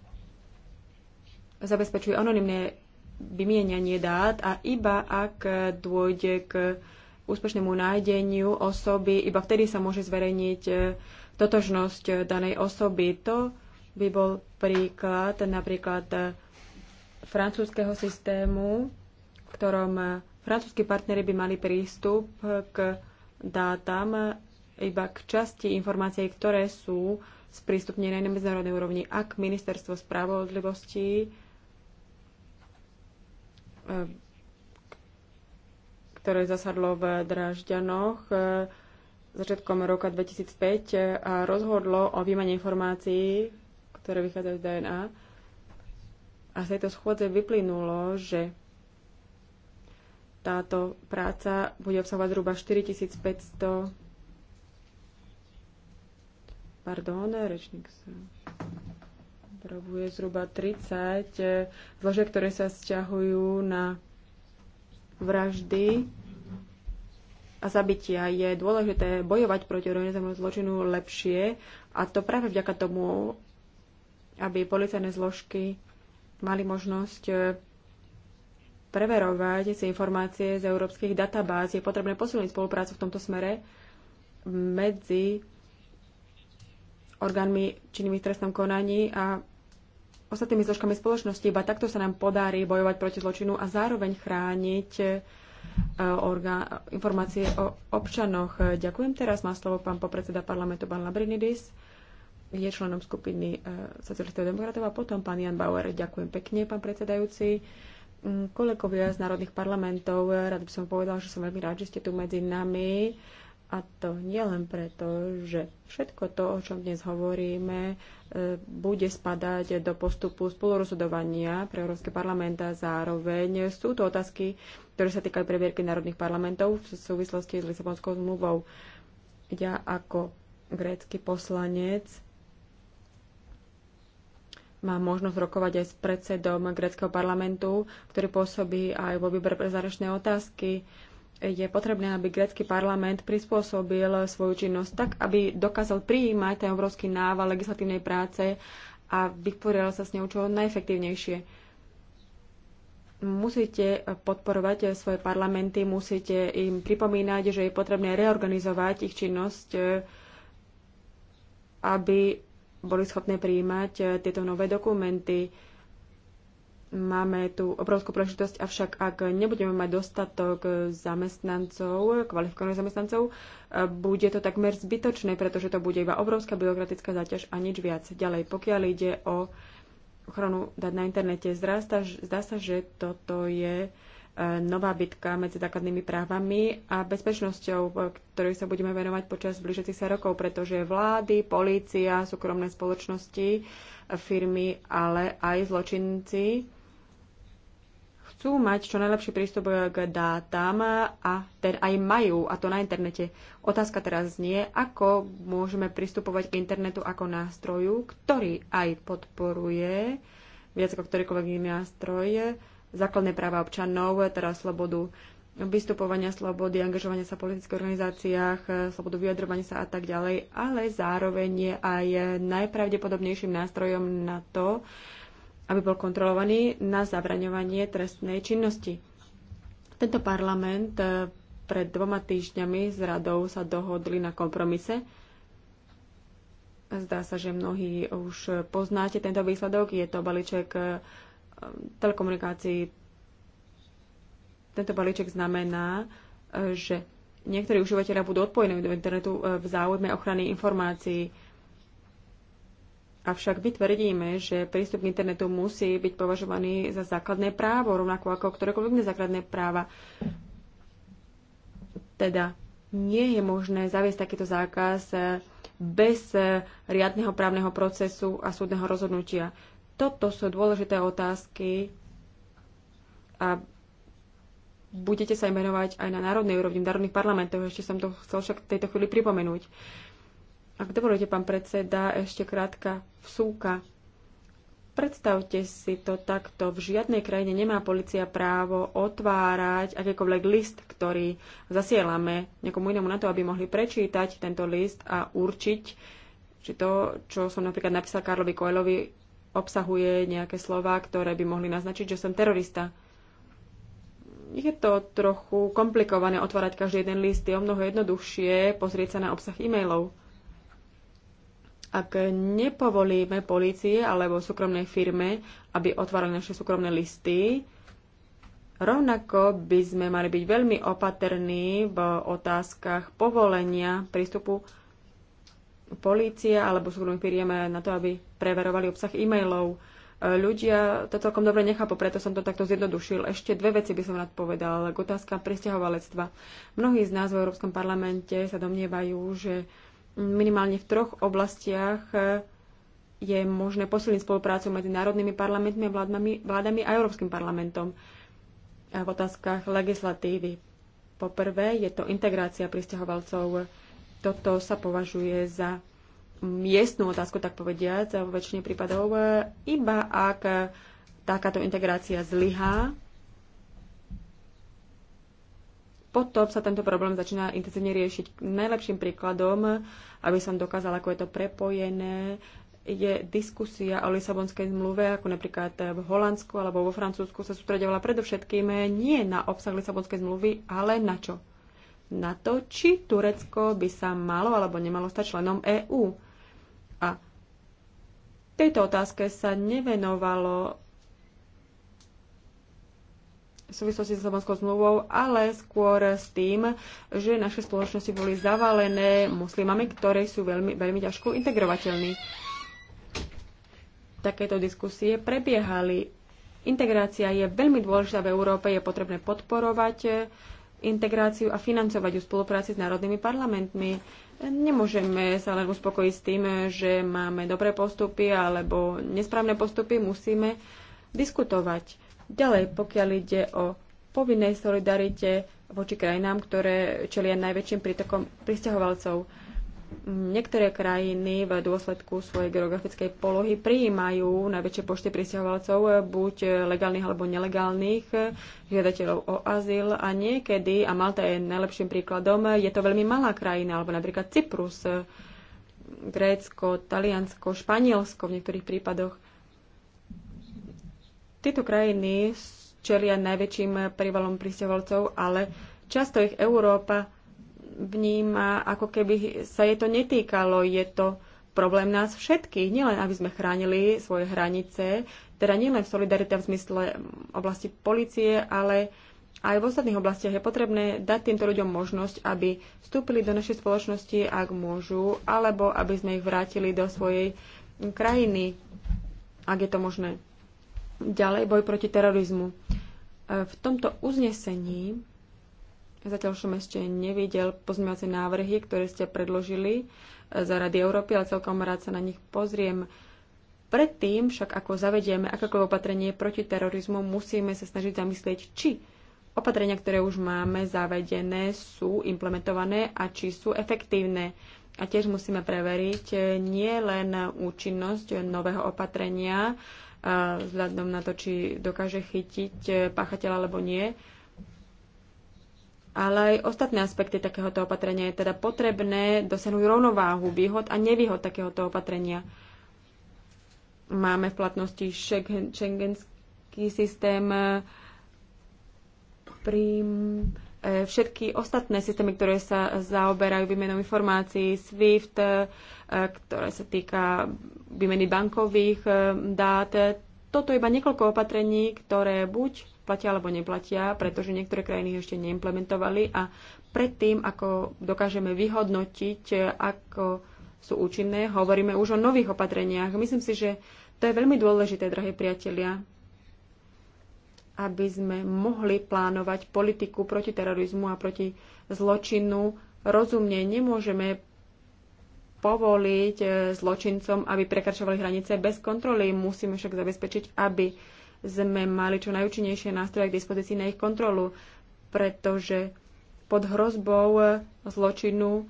zabezpečuje anonimné vymienianie dát a iba ak dôjde k úspešnému nájdeniu osoby, iba vtedy sa môže zverejniť e, totožnosť danej osoby. To by bol príklad napríklad e, francúzského systému, v ktorom e, francúzskí partnery by mali prístup k dátam iba k časti informácií, ktoré sú sprístupnené na medzinárodnej úrovni. Ak ministerstvo spravodlivosti E, ktoré zasadlo v Dražďanoch e, začiatkom roka 2005 e, a rozhodlo o výmene informácií, ktoré vychádzajú z DNA. A z tejto schôdze vyplynulo, že táto práca bude obsahovať zhruba 4500 Pardon, rečník sa... Probuje zhruba 30 e, zložiek, ktoré sa sťahujú na vraždy a zabitia. Je dôležité bojovať proti organizovanému zločinu lepšie a to práve vďaka tomu, aby policajné zložky mali možnosť e, preverovať si informácie z európskych databáz. Je potrebné posilniť spoluprácu v tomto smere medzi orgánmi činnými v trestnom konaní a ostatnými zložkami spoločnosti. Iba takto sa nám podarí bojovať proti zločinu a zároveň chrániť e, orgán, informácie o občanoch. Ďakujem. Teraz má slovo pán popredseda parlamentu, pán Labrinidis. Je členom skupiny e, socialistov demokratov a potom pán Jan Bauer. Ďakujem pekne, pán predsedajúci. Mm, kolegovia z národných parlamentov, e, rád by som povedal, že som veľmi rád, že ste tu medzi nami. A to nielen preto, že všetko to, o čom dnes hovoríme, e, bude spadať do postupu spolurozhodovania pre Európske parlament a zároveň sú to otázky, ktoré sa týkajú previerky národných parlamentov v súvislosti s Lisabonskou zmluvou. Ja ako grécky poslanec mám možnosť rokovať aj s predsedom gréckého parlamentu, ktorý pôsobí aj vo výbore pre záračné otázky je potrebné, aby grécky parlament prispôsobil svoju činnosť tak, aby dokázal prijímať ten obrovský nával legislatívnej práce a vyporiadal sa s ňou čo najefektívnejšie musíte podporovať svoje parlamenty, musíte im pripomínať, že je potrebné reorganizovať ich činnosť, aby boli schopné prijímať tieto nové dokumenty. Máme tu obrovskú príležitosť, avšak ak nebudeme mať dostatok zamestnancov, kvalifikovaných zamestnancov, eh, bude to takmer zbytočné, pretože to bude iba obrovská byrokratická záťaž a nič viac. Ďalej, pokiaľ ide o ochranu dať na internete, zdá sa, zdá sa že toto je eh, nová bitka medzi základnými právami a bezpečnosťou, ktorej sa budeme venovať počas blížiacich sa rokov, pretože vlády, polícia, súkromné spoločnosti, eh, firmy, ale aj zločinci chcú mať čo najlepší prístup k dátam a ten aj majú, a to na internete. Otázka teraz znie, ako môžeme pristupovať k internetu ako nástroju, ktorý aj podporuje viac ako ktorýkoľvek iný nástroj, základné práva občanov, teda slobodu vystupovania slobody, angažovania sa v politických organizáciách, slobodu vyjadrovania sa a tak ďalej, ale zároveň je aj najpravdepodobnejším nástrojom na to, aby bol kontrolovaný na zabraňovanie trestnej činnosti. Tento parlament e, pred dvoma týždňami s radou sa dohodli na kompromise. Zdá sa, že mnohí už poznáte tento výsledok. Je to balíček e, telekomunikácií. Tento balíček znamená, e, že niektorí užívateľia budú odpojení do internetu v záujme ochrany informácií Avšak my tvrdíme, že prístup k internetu musí byť považovaný za základné právo, rovnako ako ktorékoľvek základné práva. Teda nie je možné zaviesť takýto zákaz eh, bez eh, riadneho právneho procesu a súdneho rozhodnutia. Toto sú dôležité otázky a budete sa imenovať aj na národnej úrovni, v národných parlamentoch. Ešte som to chcel však v tejto chvíli pripomenúť. Ak dovolíte, pán predseda, ešte krátka vsúka. Predstavte si to takto. V žiadnej krajine nemá policia právo otvárať akýkoľvek list, ktorý zasielame nekomu inému na to, aby mohli prečítať tento list a určiť, či to, čo som napríklad napísal Karlovi Koelovi, obsahuje nejaké slova, ktoré by mohli naznačiť, že som terorista je to trochu komplikované otvárať každý jeden list. Je o mnoho jednoduchšie pozrieť sa na obsah e-mailov. Ak nepovolíme polície alebo súkromnej firme, aby otvárali naše súkromné listy, rovnako by sme mali byť veľmi opatrní v otázkach povolenia prístupu polície alebo súkromných firiem na to, aby preverovali obsah e-mailov. Ľudia to celkom dobre nechápu, preto som to takto zjednodušil. Ešte dve veci by som rád povedal k otázkam pristahovalectva. Mnohí z nás v Európskom parlamente sa domnievajú, že minimálne v troch oblastiach e, je možné posilniť spoluprácu medzi národnými parlamentmi a vládami, vládami a Európskym parlamentom v otázkach legislatívy. Poprvé je to integrácia pristahovalcov. Toto sa považuje za miestnú otázku, tak povediať, vo väčšine prípadov, e, iba ak e, takáto integrácia zlyhá potom sa tento problém začína intenzívne riešiť. Najlepším príkladom, aby som dokázala, ako je to prepojené, je diskusia o Lisabonskej zmluve, ako napríklad v Holandsku alebo vo Francúzsku sa sústredovala predovšetkým nie na obsah Lisabonskej zmluvy, ale na čo? Na to, či Turecko by sa malo alebo nemalo stať členom EÚ. A tejto otázke sa nevenovalo v súvislosti s Lisabonskou zmluvou, ale skôr s tým, že naše spoločnosti boli zavalené muslimami, ktorí sú veľmi, veľmi ťažko integrovateľní. Takéto diskusie prebiehali. Integrácia je veľmi dôležitá v Európe, je potrebné podporovať integráciu a financovať ju spolupráci s národnými parlamentmi. Nemôžeme sa len uspokojiť s tým, že máme dobré postupy alebo nesprávne postupy, musíme diskutovať. Ďalej, pokiaľ ide o povinnej solidarite voči krajinám, ktoré čelia najväčším prítokom pristahovalcov. Niektoré krajiny v dôsledku svojej geografickej polohy prijímajú najväčšie počty pristahovalcov, buď legálnych alebo nelegálnych žiadateľov o azyl a niekedy, a Malta je najlepším príkladom, je to veľmi malá krajina, alebo napríklad Cyprus, Grécko, Taliansko, Španielsko v niektorých prípadoch. Tieto krajiny čelia najväčším prívalom pristahovalcov, ale často ich Európa vníma, ako keby sa je to netýkalo. Je to problém nás všetkých, nielen aby sme chránili svoje hranice, teda nielen v solidarite v zmysle oblasti policie, ale aj v ostatných oblastiach je potrebné dať týmto ľuďom možnosť, aby vstúpili do našej spoločnosti, ak môžu, alebo aby sme ich vrátili do svojej krajiny, ak je to možné. Ďalej boj proti terorizmu. E, v tomto uznesení zatiaľ som ešte nevidel pozmeňovacie návrhy, ktoré ste predložili e, za Rady Európy, ale celkom rád sa na nich pozriem. Predtým však, ako zavedieme akékoľvek opatrenie proti terorizmu, musíme sa snažiť zamyslieť, či opatrenia, ktoré už máme zavedené, sú implementované a či sú efektívne. A tiež musíme preveriť e, nie len účinnosť nového opatrenia, vzhľadom na to, či dokáže chytiť e, páchateľa alebo nie. Ale aj ostatné aspekty takéhoto opatrenia je teda potrebné dosiahnuť rovnováhu výhod a nevýhod takéhoto opatrenia. Máme v platnosti šengenský systém e, príjmu E, všetky ostatné systémy, ktoré sa zaoberajú výmenou informácií, SWIFT, e, ktoré sa týka výmeny bankových e, dát. Toto je iba niekoľko opatrení, ktoré buď platia alebo neplatia, pretože niektoré krajiny ešte neimplementovali a predtým, ako dokážeme vyhodnotiť, ako sú účinné, hovoríme už o nových opatreniach. Myslím si, že to je veľmi dôležité, drahé priatelia aby sme mohli plánovať politiku proti terorizmu a proti zločinu rozumne. Nemôžeme povoliť eh, zločincom, aby prekračovali hranice bez kontroly. Musíme však zabezpečiť, aby sme mali čo najúčinnejšie nástroje k dispozícii na ich kontrolu, pretože pod hrozbou eh, zločinu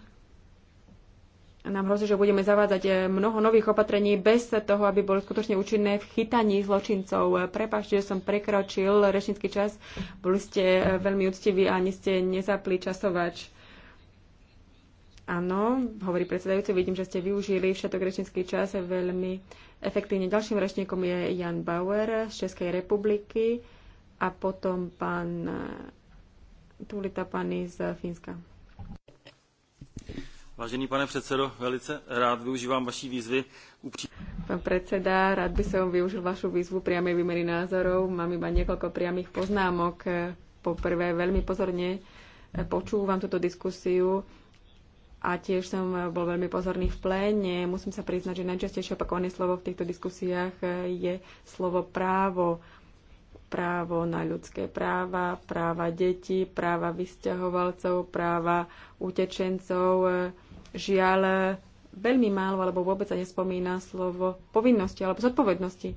nám hrozí, že budeme zavádzať eh, mnoho nových opatrení bez toho, aby boli skutočne účinné v chytaní zločincov. Prepašte, že som prekročil rečnícky čas. Boli ste eh, veľmi úctiví a ani ste nezapli časovač. Áno, hovorí predsedajúci, vidím, že ste využili všetok rečnícky čas veľmi efektívne. Ďalším rečníkom je Jan Bauer z Českej republiky a potom pán eh, Tulita Pani z Fínska. Vážený pane predsedo, velice rád využívam vaší výzvy. Upří... Pán predseda, rád by som využil vašu výzvu priamej výmery názorov. Mám iba niekoľko priamých poznámok. Poprvé, veľmi pozorne eh, počúvam túto diskusiu a tiež som eh, bol veľmi pozorný v pléne. Musím sa priznať, že najčastejšie opakované slovo v týchto diskusiách eh, je slovo právo. Právo na ľudské práva, práva detí, práva vysťahovalcov, práva utečencov, žiaľ veľmi málo alebo vôbec sa nespomína slovo povinnosti alebo zodpovednosti.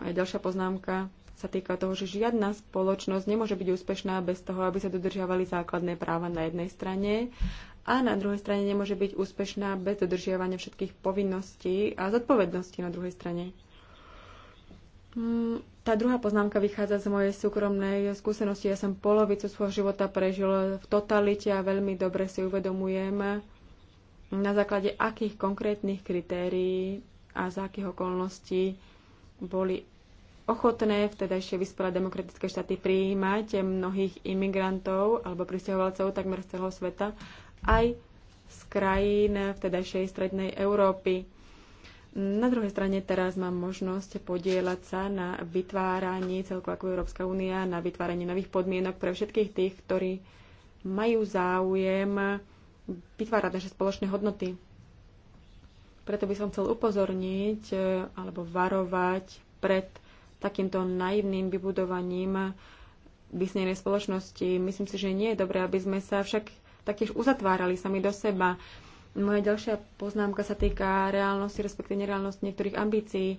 Moja ďalšia poznámka sa týka toho, že žiadna spoločnosť nemôže byť úspešná bez toho, aby sa dodržiavali základné práva na jednej strane a na druhej strane nemôže byť úspešná bez dodržiavania všetkých povinností a zodpovedností na druhej strane. Mm, tá druhá poznámka vychádza z mojej súkromnej skúsenosti. Ja som polovicu svojho života prežil v totalite a veľmi dobre si uvedomujem, na základe akých konkrétnych kritérií a za akých okolností boli ochotné vtedajšie vyspelé demokratické štáty prijímať mnohých imigrantov alebo pristahovalcov takmer z celého sveta aj z krajín vtedajšej strednej Európy. Na druhej strane teraz mám možnosť podielať sa na vytváraní celku ako Európska únia, na vytváranie nových podmienok pre všetkých tých, ktorí majú záujem vytvárať naše spoločné hodnoty. Preto by som chcel upozorniť e, alebo varovať pred takýmto naivným vybudovaním vysnenej spoločnosti. Myslím si, že nie je dobré, aby sme sa však taktiež uzatvárali sami do seba. Moja ďalšia poznámka sa týka reálnosti, respektíve nereálnosti niektorých ambícií.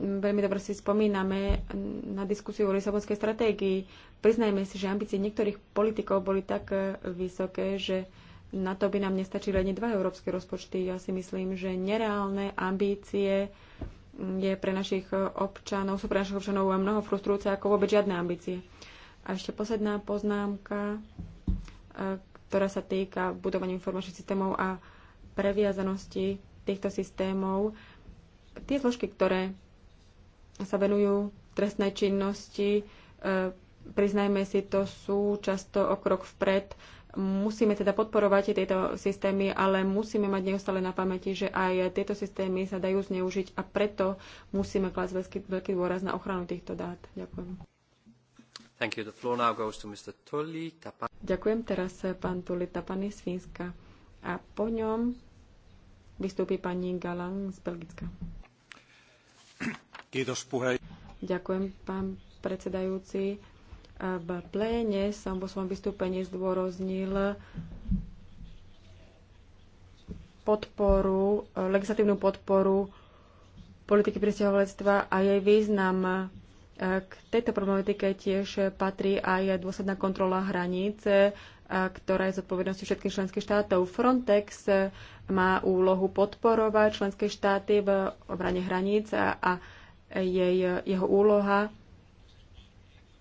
Veľmi dobre si spomíname na diskusiu o Lisabonskej stratégii. Priznajme si, že ambície niektorých politikov boli tak eh, vysoké, že na to by nám nestačili ani dva európske rozpočty. Ja si myslím, že nereálne ambície mm, je pre našich eh, občanov, sú pre našich občanov mnoho frustrujúce ako vôbec žiadne ambície. A ešte posledná poznámka eh, ktorá sa týka budovania informačných systémov a previazanosti týchto systémov. Tie zložky, ktoré sa venujú trestnej činnosti, e, priznajme si, to sú často o krok vpred. Musíme teda podporovať tieto systémy, ale musíme mať neustále na pamäti, že aj tieto systémy sa dajú zneužiť a preto musíme klásť veľký, veľký dôraz na ochranu týchto dát. Ďakujem. Thank you. The floor now goes to Mr. Tulli Tapan. Ďakujem teraz eh, pán Tulli Tapany z Fínska. A po ňom vystúpi pani Galang z Belgicka. Kiitos, Ďakujem, pán predsedajúci. V pléne som vo svojom vystúpení zdôraznil podporu, eh, legislatívnu podporu politiky pristahovalectva a jej význam k tejto problematike tiež patrí aj dôsledná kontrola hraníc, e, ktorá je zodpovednosťou všetkých členských štátov. Frontex má úlohu podporovať členské štáty v obrane hraníc a, a jej, jeho úloha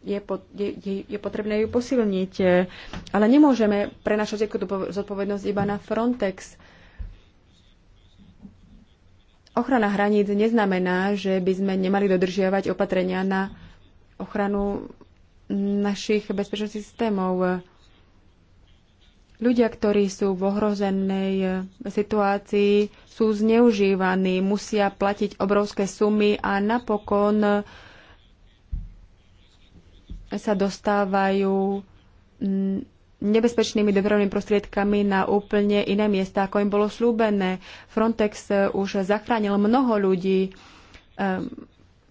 je, je, je potrebné ju posilniť. E, ale nemôžeme prenašať zodpovednosť iba na Frontex Ochrana hraníc neznamená, že by sme nemali dodržiavať opatrenia na ochranu našich bezpečnostných systémov. Ľudia, ktorí sú v ohrozenej situácii, sú zneužívaní, musia platiť obrovské sumy a napokon sa dostávajú nebezpečnými dopravnými prostriedkami na úplne iné miesta, ako im bolo slúbené. Frontex eh, už zachránil mnoho ľudí. Ehm,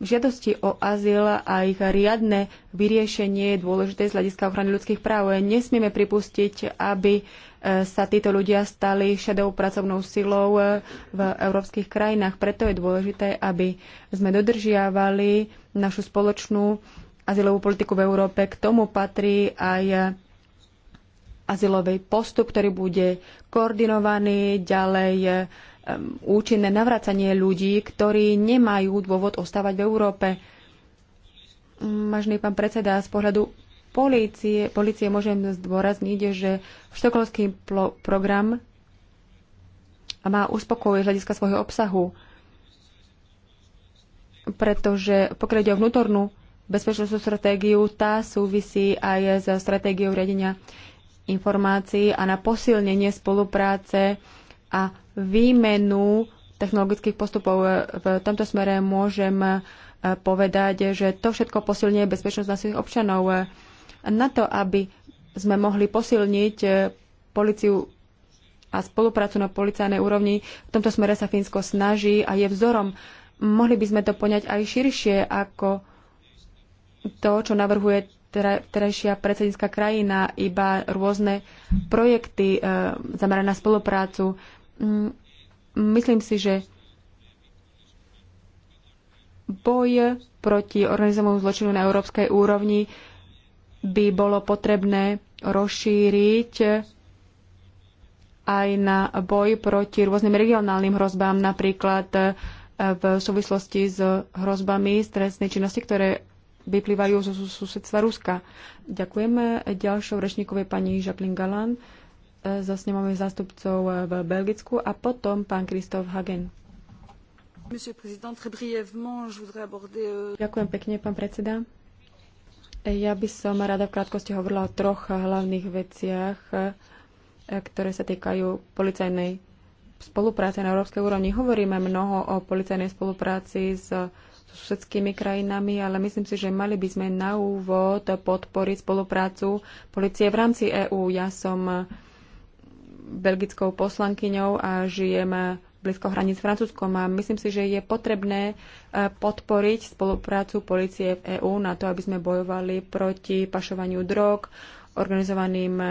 žiadosti o azyl a ich riadne vyriešenie je dôležité z hľadiska ochrany ľudských práv. Nesmieme pripustiť, aby eh, sa títo ľudia stali šedou pracovnou silou eh, v európskych krajinách. Preto je dôležité, aby sme dodržiavali našu spoločnú azylovú politiku v Európe. K tomu patrí aj azylový postup, ktorý bude koordinovaný, ďalej um, účinné navracanie ľudí, ktorí nemajú dôvod ostávať v Európe. Mažný pán predseda, z pohľadu polície, policie môžem zdôrazniť, že štokholmský program má uspokojiť hľadiska svojho obsahu, pretože pokiaľ ide o vnútornú bezpečnostnú stratégiu, tá súvisí aj s stratégiou riadenia informácií a na posilnenie spolupráce a výmenu technologických postupov. V tomto smere môžem eh, povedať, že to všetko posilňuje bezpečnosť našich občanov. Na to, aby sme mohli posilniť eh, policiu a spoluprácu na policajnej úrovni, v tomto smere sa Fínsko snaží a je vzorom. Mohli by sme to poňať aj širšie ako to, čo navrhuje terajšia predsednická krajina, iba rôzne projekty e, zamerané na spoluprácu. Mm, myslím si, že boj proti organizovanému zločinu na európskej úrovni by bolo potrebné rozšíriť aj na boj proti rôznym regionálnym hrozbám, napríklad e, v súvislosti s hrozbami stresnej činnosti, ktoré vyplývajú zo susedstva Ruska. Ďakujeme ďalšou rečníkovej pani Jacqueline Galan, za snemových zástupcov v Belgicku a potom pán Kristof Hagen. Euh, Ďakujem pekne, pán predseda. Ja by som rada v krátkosti hovorila o troch hlavných veciach, eh, ktoré sa týkajú policajnej spolupráce na európskej úrovni. Hovoríme mnoho o policajnej spolupráci s všetkými krajinami, ale myslím si, že mali by sme na úvod podporiť spoluprácu policie v rámci EÚ. Ja som belgickou poslankyňou a žijem blízko hraníc s Francúzskom a myslím si, že je potrebné e, podporiť spoluprácu policie v EÚ na to, aby sme bojovali proti pašovaniu drog, organizovaným e,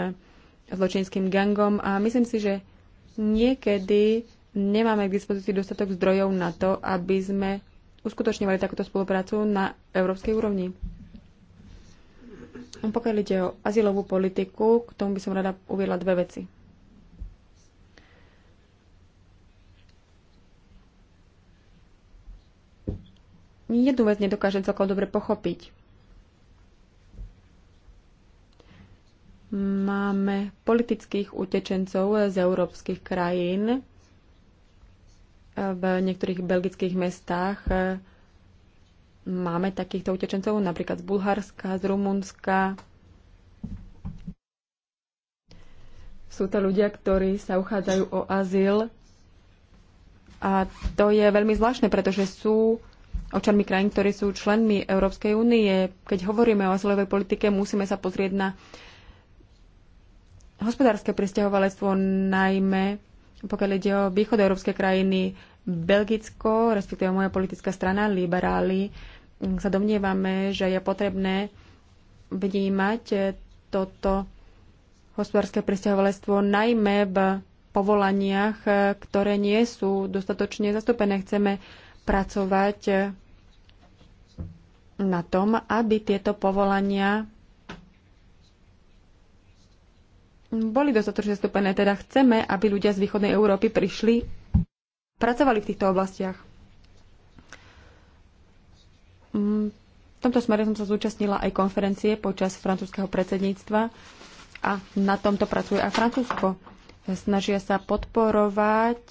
zločinským gangom a myslím si, že niekedy nemáme k dispozícii dostatok zdrojov na to, aby sme uskutočňovali takúto spoluprácu na európskej úrovni. Pokiaľ ide o azylovú politiku, k tomu by som rada uviedla dve veci. jednu vec nedokážem celkom dobre pochopiť. Máme politických utečencov z európskych krajín, v niektorých belgických mestách e, máme takýchto utečencov, napríklad z Bulharska, z Rumunska. Sú to ľudia, ktorí sa uchádzajú o azyl. A to je veľmi zvláštne, pretože sú občanmi krajín, ktorí sú členmi Európskej únie. Keď hovoríme o azylovej politike, musíme sa pozrieť na hospodárske pristahovalectvo, najmä pokiaľ ide o európske krajiny, Belgicko, respektíve moja politická strana, liberáli, mm, sa domnievame, že je potrebné vnímať eh, toto hospodárske pristahovalectvo najmä v povolaniach, eh, ktoré nie sú dostatočne zastúpené. Chceme pracovať eh, na tom, aby tieto povolania boli dostatočne zastúpené. Teda chceme, aby ľudia z východnej Európy prišli, pracovali v týchto oblastiach. Mm, v tomto smere som sa zúčastnila aj konferencie počas francúzského predsedníctva a na tomto pracuje aj Francúzsko. Snažia sa podporovať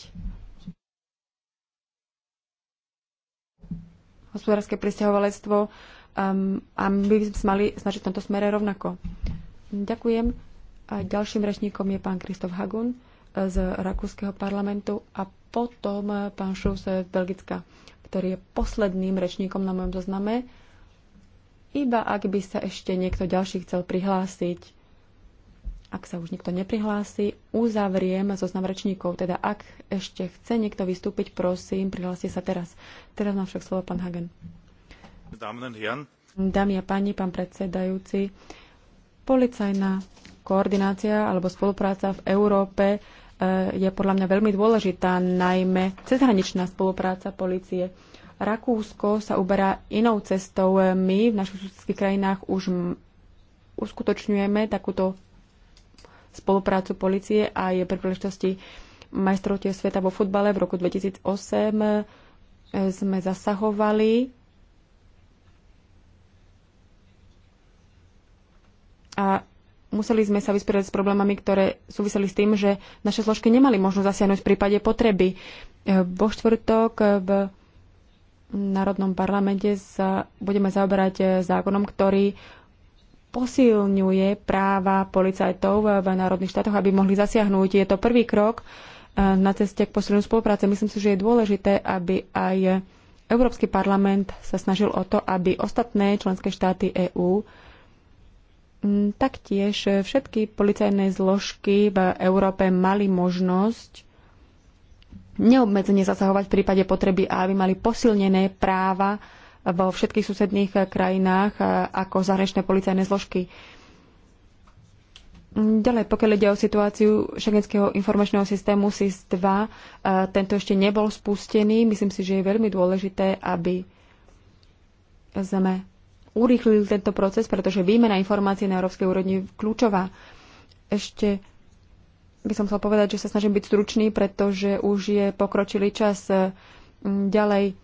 hospodárske pristahovalectvo um, a my by sme mali snažiť v tomto smere rovnako. Ďakujem. A ďalším rečníkom je pán Kristof Hagun e, z Rakúskeho parlamentu a potom e, pán Šus e, z Belgicka, ktorý je posledným rečníkom na mojom zozname. Iba ak by sa ešte niekto ďalší chcel prihlásiť, ak sa už nikto neprihlási, uzavriem zoznam rečníkov. Teda ak ešte chce niekto vystúpiť, prosím, prihláste sa teraz. Teraz mám však slovo pán Hagen. Dámy a páni, pán predsedajúci, policajná koordinácia alebo spolupráca v Európe e, je podľa mňa veľmi dôležitá, najmä cezhraničná spolupráca policie. Rakúsko sa uberá inou cestou. My v našich susedských krajinách už uskutočňujeme takúto spoluprácu policie a je pri príležitosti majstrovstie sveta vo futbale v roku 2008 e, sme zasahovali a museli sme sa vysporiadať s problémami, ktoré súviseli s tým, že naše zložky nemali možnosť zasiahnuť v prípade potreby. E, vo štvrtok v Národnom parlamente sa budeme zaoberať e, zákonom, ktorý posilňuje práva policajtov v národných štátoch, aby mohli zasiahnuť. Je to prvý krok e, na ceste k posilneniu spolupráce. Myslím si, že je dôležité, aby aj Európsky parlament sa snažil o to, aby ostatné členské štáty EÚ Mm, taktiež eh, všetky policajné zložky v Európe mali možnosť neobmedzenie zasahovať v prípade potreby a aby mali posilnené práva vo všetkých susedných eh, krajinách eh, ako zahraničné policajné zložky. Mm, ďalej, pokiaľ ide o situáciu šengenského informačného systému SIS-2, tento ešte nebol spustený. Myslím si, že je veľmi dôležité, aby sme urýchlili tento proces, pretože výmena informácií na európskej úrovni je kľúčová. Ešte by som chcel povedať, že sa snažím byť stručný, pretože už je pokročilý čas e, ďalej.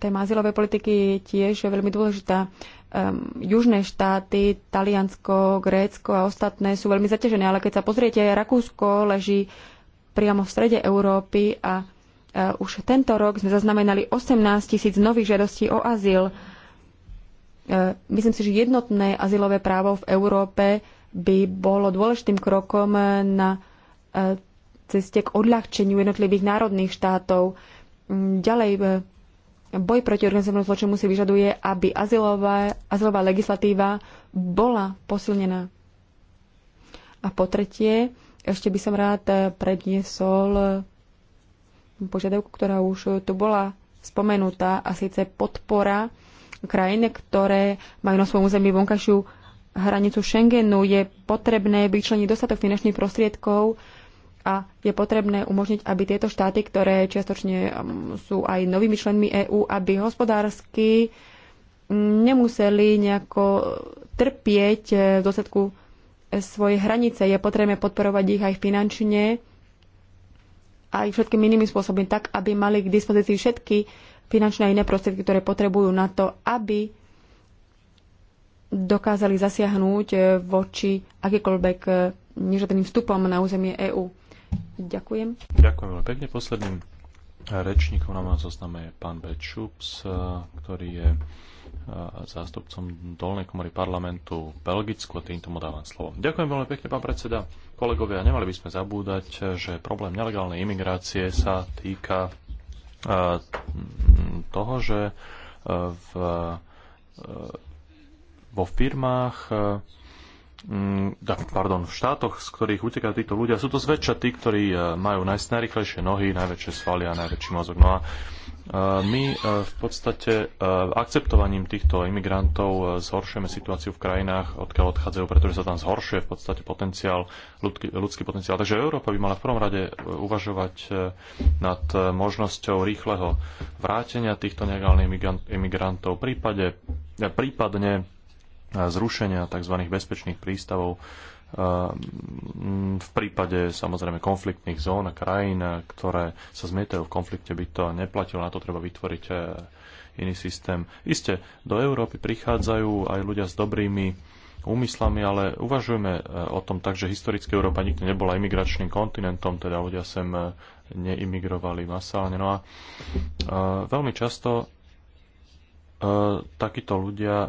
Téma azylovej politiky je tiež veľmi dôležitá. Um, južné štáty, Taliansko, Grécko a ostatné sú veľmi zaťažené, ale keď sa pozriete, Rakúsko leží priamo v strede Európy a Eh, už tento rok sme zaznamenali 18 tisíc nových žiadostí o azyl. Eh, myslím si, že jednotné azylové právo v Európe by bolo dôležitým krokom eh, na ceste k odľahčeniu jednotlivých národných štátov. Mm, ďalej, boj proti organizovanému zločinu si vyžaduje, aby azylová, azylová legislatíva bola posilnená. A po tretie, ešte by som rád predniesol požiadavku, ktorá už tu bola spomenutá, a síce podpora krajín, ktoré majú na svojom území vonkajšiu hranicu Schengenu. Je potrebné vyčleniť dostatok finančných prostriedkov a je potrebné umožniť, aby tieto štáty, ktoré čiastočne um, sú aj novými členmi EÚ, aby hospodársky mm, nemuseli nejako trpieť eh, v dôsledku eh, svojej hranice. Je potrebné podporovať ich aj finančne a ich inými spôsobmi, tak aby mali k dispozícii všetky finančné a iné prostriedky, ktoré potrebujú na to, aby dokázali zasiahnuť e, voči akýkoľvek e, nežadným vstupom na územie EÚ. Ďakujem. Ďakujem veľmi pekne. Posledným rečníkom na mojom zozname je pán Bečups, e, ktorý je zástupcom Dolnej komory parlamentu v Belgicku a týmto mu dávam slovo. Ďakujem veľmi pekne, pán predseda. Kolegovia, nemali by sme zabúdať, že problém nelegálnej imigrácie sa týka toho, že v, vo firmách pardon, v štátoch, z ktorých utekajú títo ľudia, sú to zväčša tí, ktorí majú najrýchlejšie nohy, najväčšie svaly a najväčší mozog. No a my e, v podstate e, akceptovaním týchto imigrantov e, zhoršujeme situáciu v krajinách, odkiaľ odchádzajú, pretože sa tam zhoršuje v podstate potenciál, ľudský, ľudský potenciál. Takže Európa by mala v prvom rade uvažovať nad možnosťou rýchleho vrátenia týchto nelegálnych imigrantov, prípade, prípadne zrušenia tzv. bezpečných prístavov Ehm, v prípade samozrejme konfliktných zón a krajín, eh, ktoré sa zmietajú v konflikte, by to neplatilo, na to treba vytvoriť eh, iný systém. Isté, do Európy prichádzajú aj ľudia s dobrými úmyslami, ale uvažujeme eh, o tom tak, že historická Európa nikdy nebola imigračným kontinentom, teda ľudia sem neimigrovali masálne. No a veľmi často takíto ľudia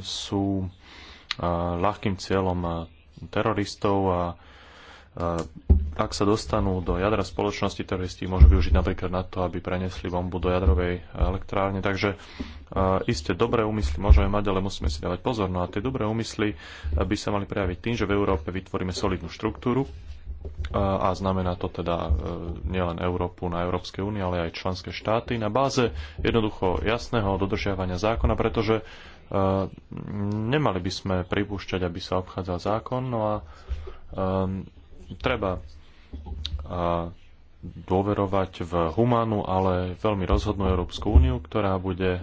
sú ľahkým cieľom teroristov a ak sa dostanú do jadra spoločnosti, teroristi môžu využiť napríklad na to, aby prenesli bombu do jadrovej elektrárne. Takže isté dobré úmysly môžeme mať, ale musíme si dávať pozor. No a tie dobré úmysly by sa mali prejaviť tým, že v Európe vytvoríme solidnú štruktúru a znamená to teda nielen Európu na Európskej únie, ale aj členské štáty na báze jednoducho jasného dodržiavania zákona, pretože Ehm, nemali by sme pripúšťať, aby sa obchádzal zákon, no a um, treba uh, dôverovať v humánu, ale veľmi rozhodnú Európsku úniu, ktorá bude uh,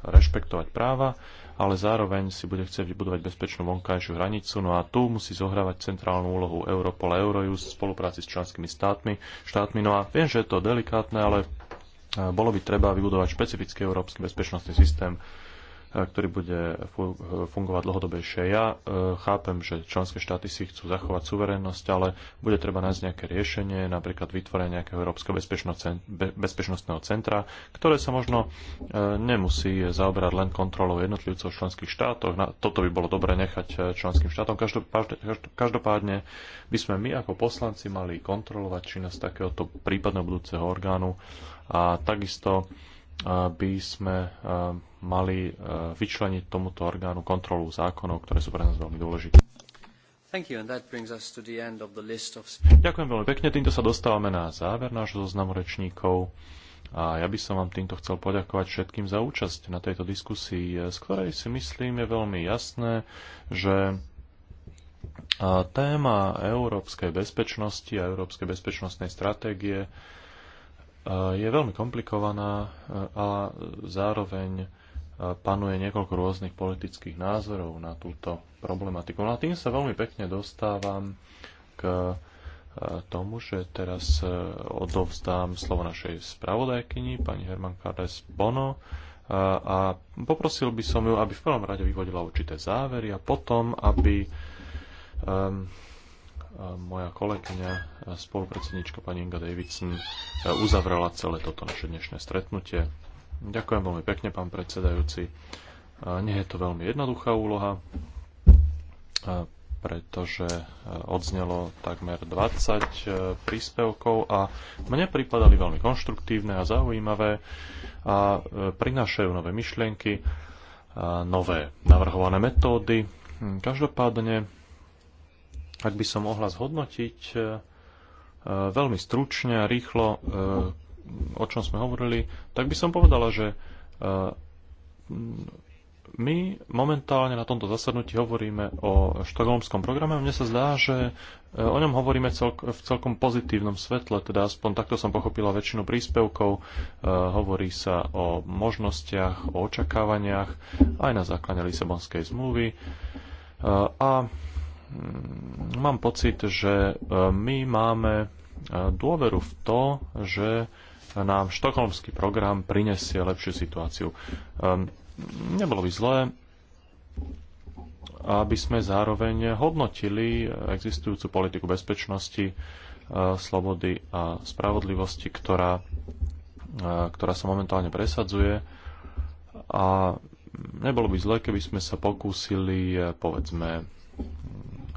rešpektovať práva, ale zároveň si bude chcieť vybudovať bezpečnú vonkajšiu hranicu. No a tu musí zohrávať centrálnu úlohu Europol a Eurojust v spolupráci s členskými státmi. štátmi. No a viem, že je to delikátne, ale e, bolo by treba vybudovať špecifický európsky bezpečnostný systém, ktorý bude fungovať dlhodobejšie. Ja e, chápem, že členské štáty si chcú zachovať suverénnosť, ale bude treba nájsť nejaké riešenie, napríklad vytvorenie nejakého Európskeho bezpečnostného centra, ktoré sa možno e, nemusí zaoberať len kontrolou jednotlivcov v členských štátoch. Toto by bolo dobré nechať e, členským štátom. Každopádne by sme my ako poslanci mali kontrolovať činnosť takéhoto prípadného budúceho orgánu a takisto by sme mali e, vyčleniť tomuto orgánu kontrolu zákonov, ktoré sú pre nás veľmi dôležité. Ďakujem veľmi pekne. Týmto sa dostávame na záver nášho zoznamu rečníkov. A ja by som vám týmto chcel poďakovať všetkým za účasť na tejto diskusii, e, z ktorej si myslím je veľmi jasné, že e, téma európskej bezpečnosti a európskej bezpečnostnej stratégie je veľmi komplikovaná a zároveň panuje niekoľko rôznych politických názorov na túto problematiku. No a tým sa veľmi pekne dostávam k e, tomu, že teraz e, odovzdám slovo našej spravodajkyni, pani Herman Carles Bono, e, a poprosil by som ju, aby v prvom rade vyvodila určité závery a potom, aby um, moja kolegyňa, spolupredsednička pani Inga Davidson uzavrela celé toto naše dnešné stretnutie. Ďakujem veľmi pekne, pán predsedajúci. Nie je to veľmi jednoduchá úloha, pretože e, odznelo takmer 20 e, príspevkov a mne pripadali veľmi konštruktívne a zaujímavé a e, prinášajú nové myšlienky, nové navrhované metódy. Hm, každopádne, ak by som mohla zhodnotiť veľmi stručne a rýchlo, o čom sme hovorili, tak by som povedala, že e, my momentálne na tomto zasadnutí hovoríme o štokholmskom programe. Mne sa zdá, že e, o ňom hovoríme celk- v celkom pozitívnom svetle, teda aspoň takto som pochopila väčšinu príspevkov. E, hovorí sa o možnostiach, o očakávaniach aj na základe Lisabonskej zmluvy. A mám pocit, že my máme dôveru v to, že nám štokholmský program prinesie lepšiu situáciu. Ehm, nebolo by zlé, aby sme zároveň hodnotili existujúcu politiku bezpečnosti, e, slobody a spravodlivosti, ktorá, e, ktorá sa momentálne presadzuje. A nebolo by zlé, keby sme sa pokúsili, e, povedzme,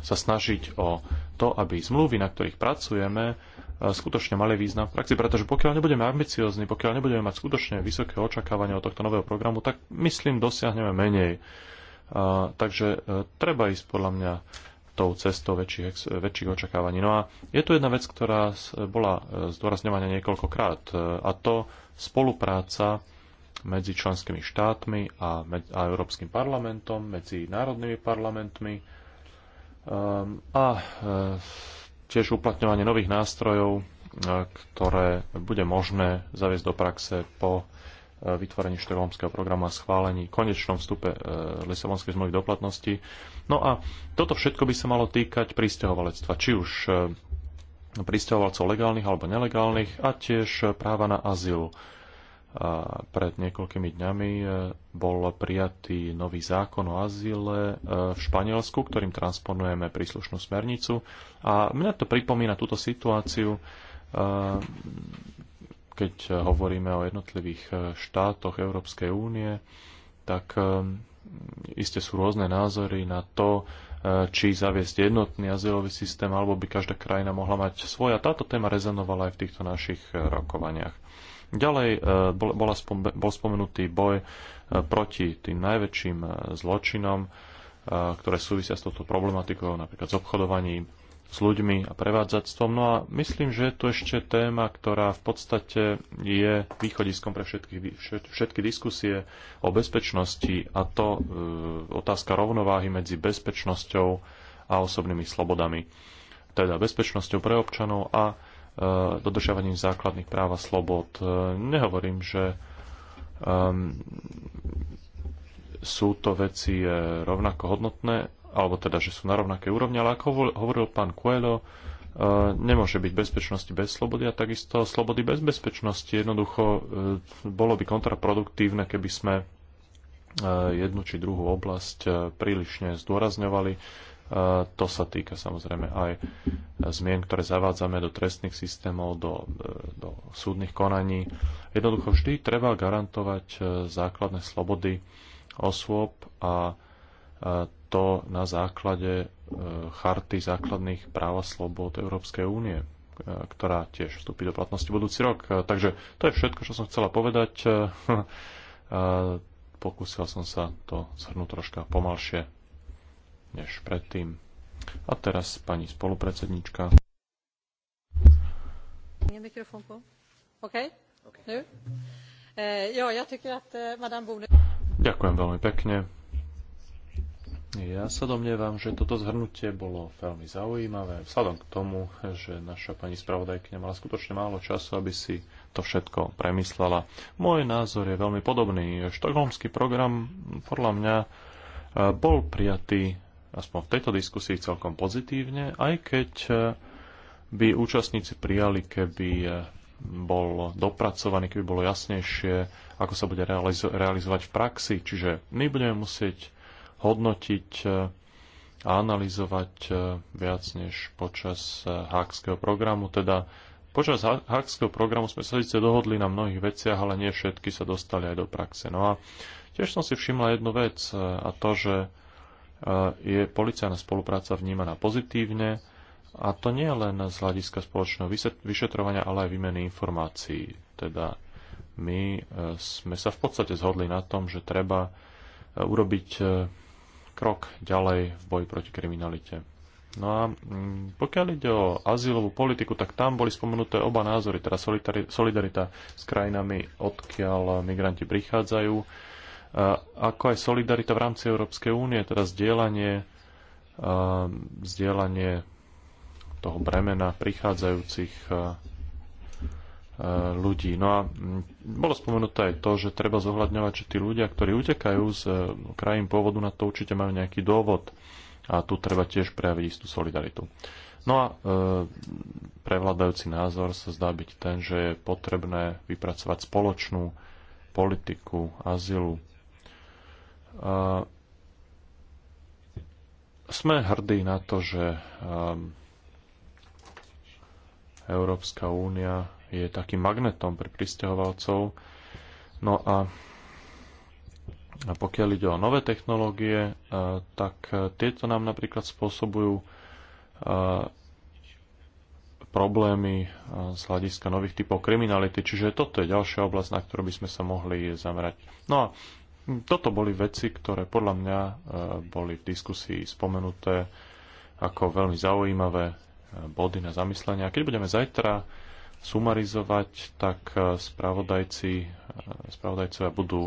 sa snažiť o to, aby zmluvy, na ktorých pracujeme, skutočne malý význam v praxi, pretože pokiaľ nebudeme ambiciozni, pokiaľ nebudeme mať skutočne vysoké očakávania od tohto nového programu, tak myslím, dosiahneme menej. A, takže e, treba ísť podľa mňa tou cestou väčších, väčších očakávaní. No a je tu jedna vec, ktorá bola e, zdôrazňovaná niekoľkokrát, e, a to spolupráca medzi členskými štátmi a, med, a Európskym parlamentom, medzi národnými parlamentmi um, a e, tiež uplatňovanie nových nástrojov, e, ktoré bude možné zaviesť do praxe po e, vytvorení štokholmského programu a schválení konečnom vstupe e, Lisabonskej zmluvy do platnosti. No a toto všetko by sa malo týkať pristahovalectva, či už pristahovalcov legálnych alebo nelegálnych a tiež práva na azyl. A pred niekoľkými dňami e, bol prijatý nový zákon o azyle e, v Španielsku, ktorým transponujeme príslušnú smernicu. A mňa to pripomína túto situáciu, e, keď hovoríme o jednotlivých štátoch Európskej únie, tak iste sú rôzne názory na to, či zaviesť jednotný azylový systém, alebo by každá krajina mohla mať svoj. A táto téma rezonovala aj v týchto našich rokovaniach. Ďalej e, bol, bol spomenutý boj e, proti tým najväčším e, zločinom, ktoré súvisia s touto problematikou, napríklad s obchodovaním s ľuďmi a prevádzactvom. No a myslím, že je tu ešte téma, ktorá v podstate je východiskom pre všetky, všetky diskusie o bezpečnosti a to e, otázka rovnováhy medzi bezpečnosťou a osobnými slobodami. Teda bezpečnosťou pre občanov a Eh, dodržiavaním základných práv a slobod. Eh, nehovorím, že um, sú to veci eh, rovnako hodnotné, alebo teda, že sú na rovnakej úrovni, ale ako hovoril pán Coelho, nemôže byť bezpečnosti bez slobody a takisto slobody bez bezpečnosti. Jednoducho bolo by kontraproduktívne, keby sme jednu či druhú oblasť prílišne zdôrazňovali. To sa týka samozrejme aj e, zmien, ktoré zavádzame do trestných systémov, do, e, do súdnych konaní. Jednoducho vždy treba garantovať e, základné slobody osôb a to na základe charty základných práv a slobod Európskej únie, ktorá tiež vstúpi do platnosti budúci rok. Takže to je všetko, čo som chcela povedať. Pokúsil som sa to zhrnúť troška pomalšie než predtým. A teraz pani spolupredsednička. Ďakujem veľmi pekne. Ja sa domnievam, že toto zhrnutie bolo veľmi zaujímavé, vzhľadom k tomu, že naša pani spravodajkňa mala skutočne málo času, aby si to všetko premyslela. Môj názor je veľmi podobný. Štokholmský program podľa mňa eh, bol prijatý aspoň v tejto diskusii celkom pozitívne, aj keď e, by účastníci prijali, keby e, bol dopracovaný, keby bolo jasnejšie, ako sa bude realizo- realizovať v praxi. Čiže my budeme musieť hodnotiť e, a analyzovať viac než počas hákského programu. Teda počas hákského programu sme sa síce dohodli na mnohých veciach, ale nie všetky sa dostali aj do praxe. No a tiež som si všimla jednu vec a to, že je policajná spolupráca vnímaná pozitívne a to nie len z hľadiska spoločného vyšetrovania, ale aj výmeny informácií. Teda my e, sme sa v podstate zhodli na tom, že treba e, urobiť e, krok ďalej v boji proti kriminalite. No a mm, pokiaľ ide o azylovú politiku, tak tam boli spomenuté oba názory, teda solidarita s krajinami, odkiaľ migranti prichádzajú ako aj solidarita v rámci Európskej únie, teda zdieľanie, zdieľanie toho bremena prichádzajúcich ľudí. No a bolo spomenuté aj to, že treba zohľadňovať, že tí ľudia, ktorí utekajú z e, krajín pôvodu, na to určite majú nejaký dôvod a tu treba tiež prejaviť istú solidaritu. No a e, prevládajúci názor sa zdá byť ten, že je potrebné vypracovať spoločnú politiku azylu sme hrdí na to, že um, Európska únia je takým magnetom pre pristahovalcov. No a pokiaľ ide o nové technológie, uh, tak uh, tieto nám napríklad spôsobujú uh, problémy z hľadiska nových typov kriminality. Čiže toto je ďalšia oblasť, na ktorú by sme sa mohli zamerať. No a toto boli veci, ktoré podľa mňa e, boli v diskusii spomenuté ako veľmi zaujímavé e, body na zamyslenie. A keď budeme zajtra sumarizovať, tak e, spravodajci, spravodajcovia budú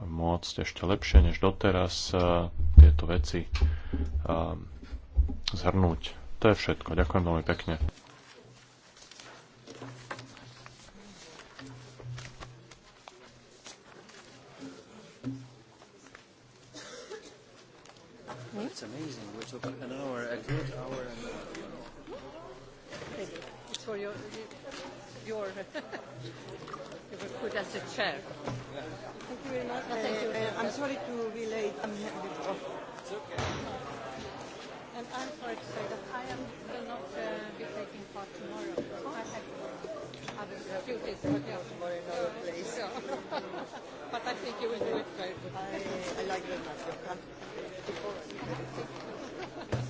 môcť ešte lepšie než doteraz tieto veci zhrnúť. To je všetko. Ďakujem veľmi pekne. It's amazing. We're talking an hour, a good hour and a half. It's for your, your, you were put as a chair. Thank you very much. Uh, Thank you. Uh, uh, I'm sorry to be late. I'm a bit off. It's okay. And I'm sorry to say that I am will not uh, be taking part tomorrow. I have to work other few things but not for another place. So. but I think you will do it very good. I, I like very much your country.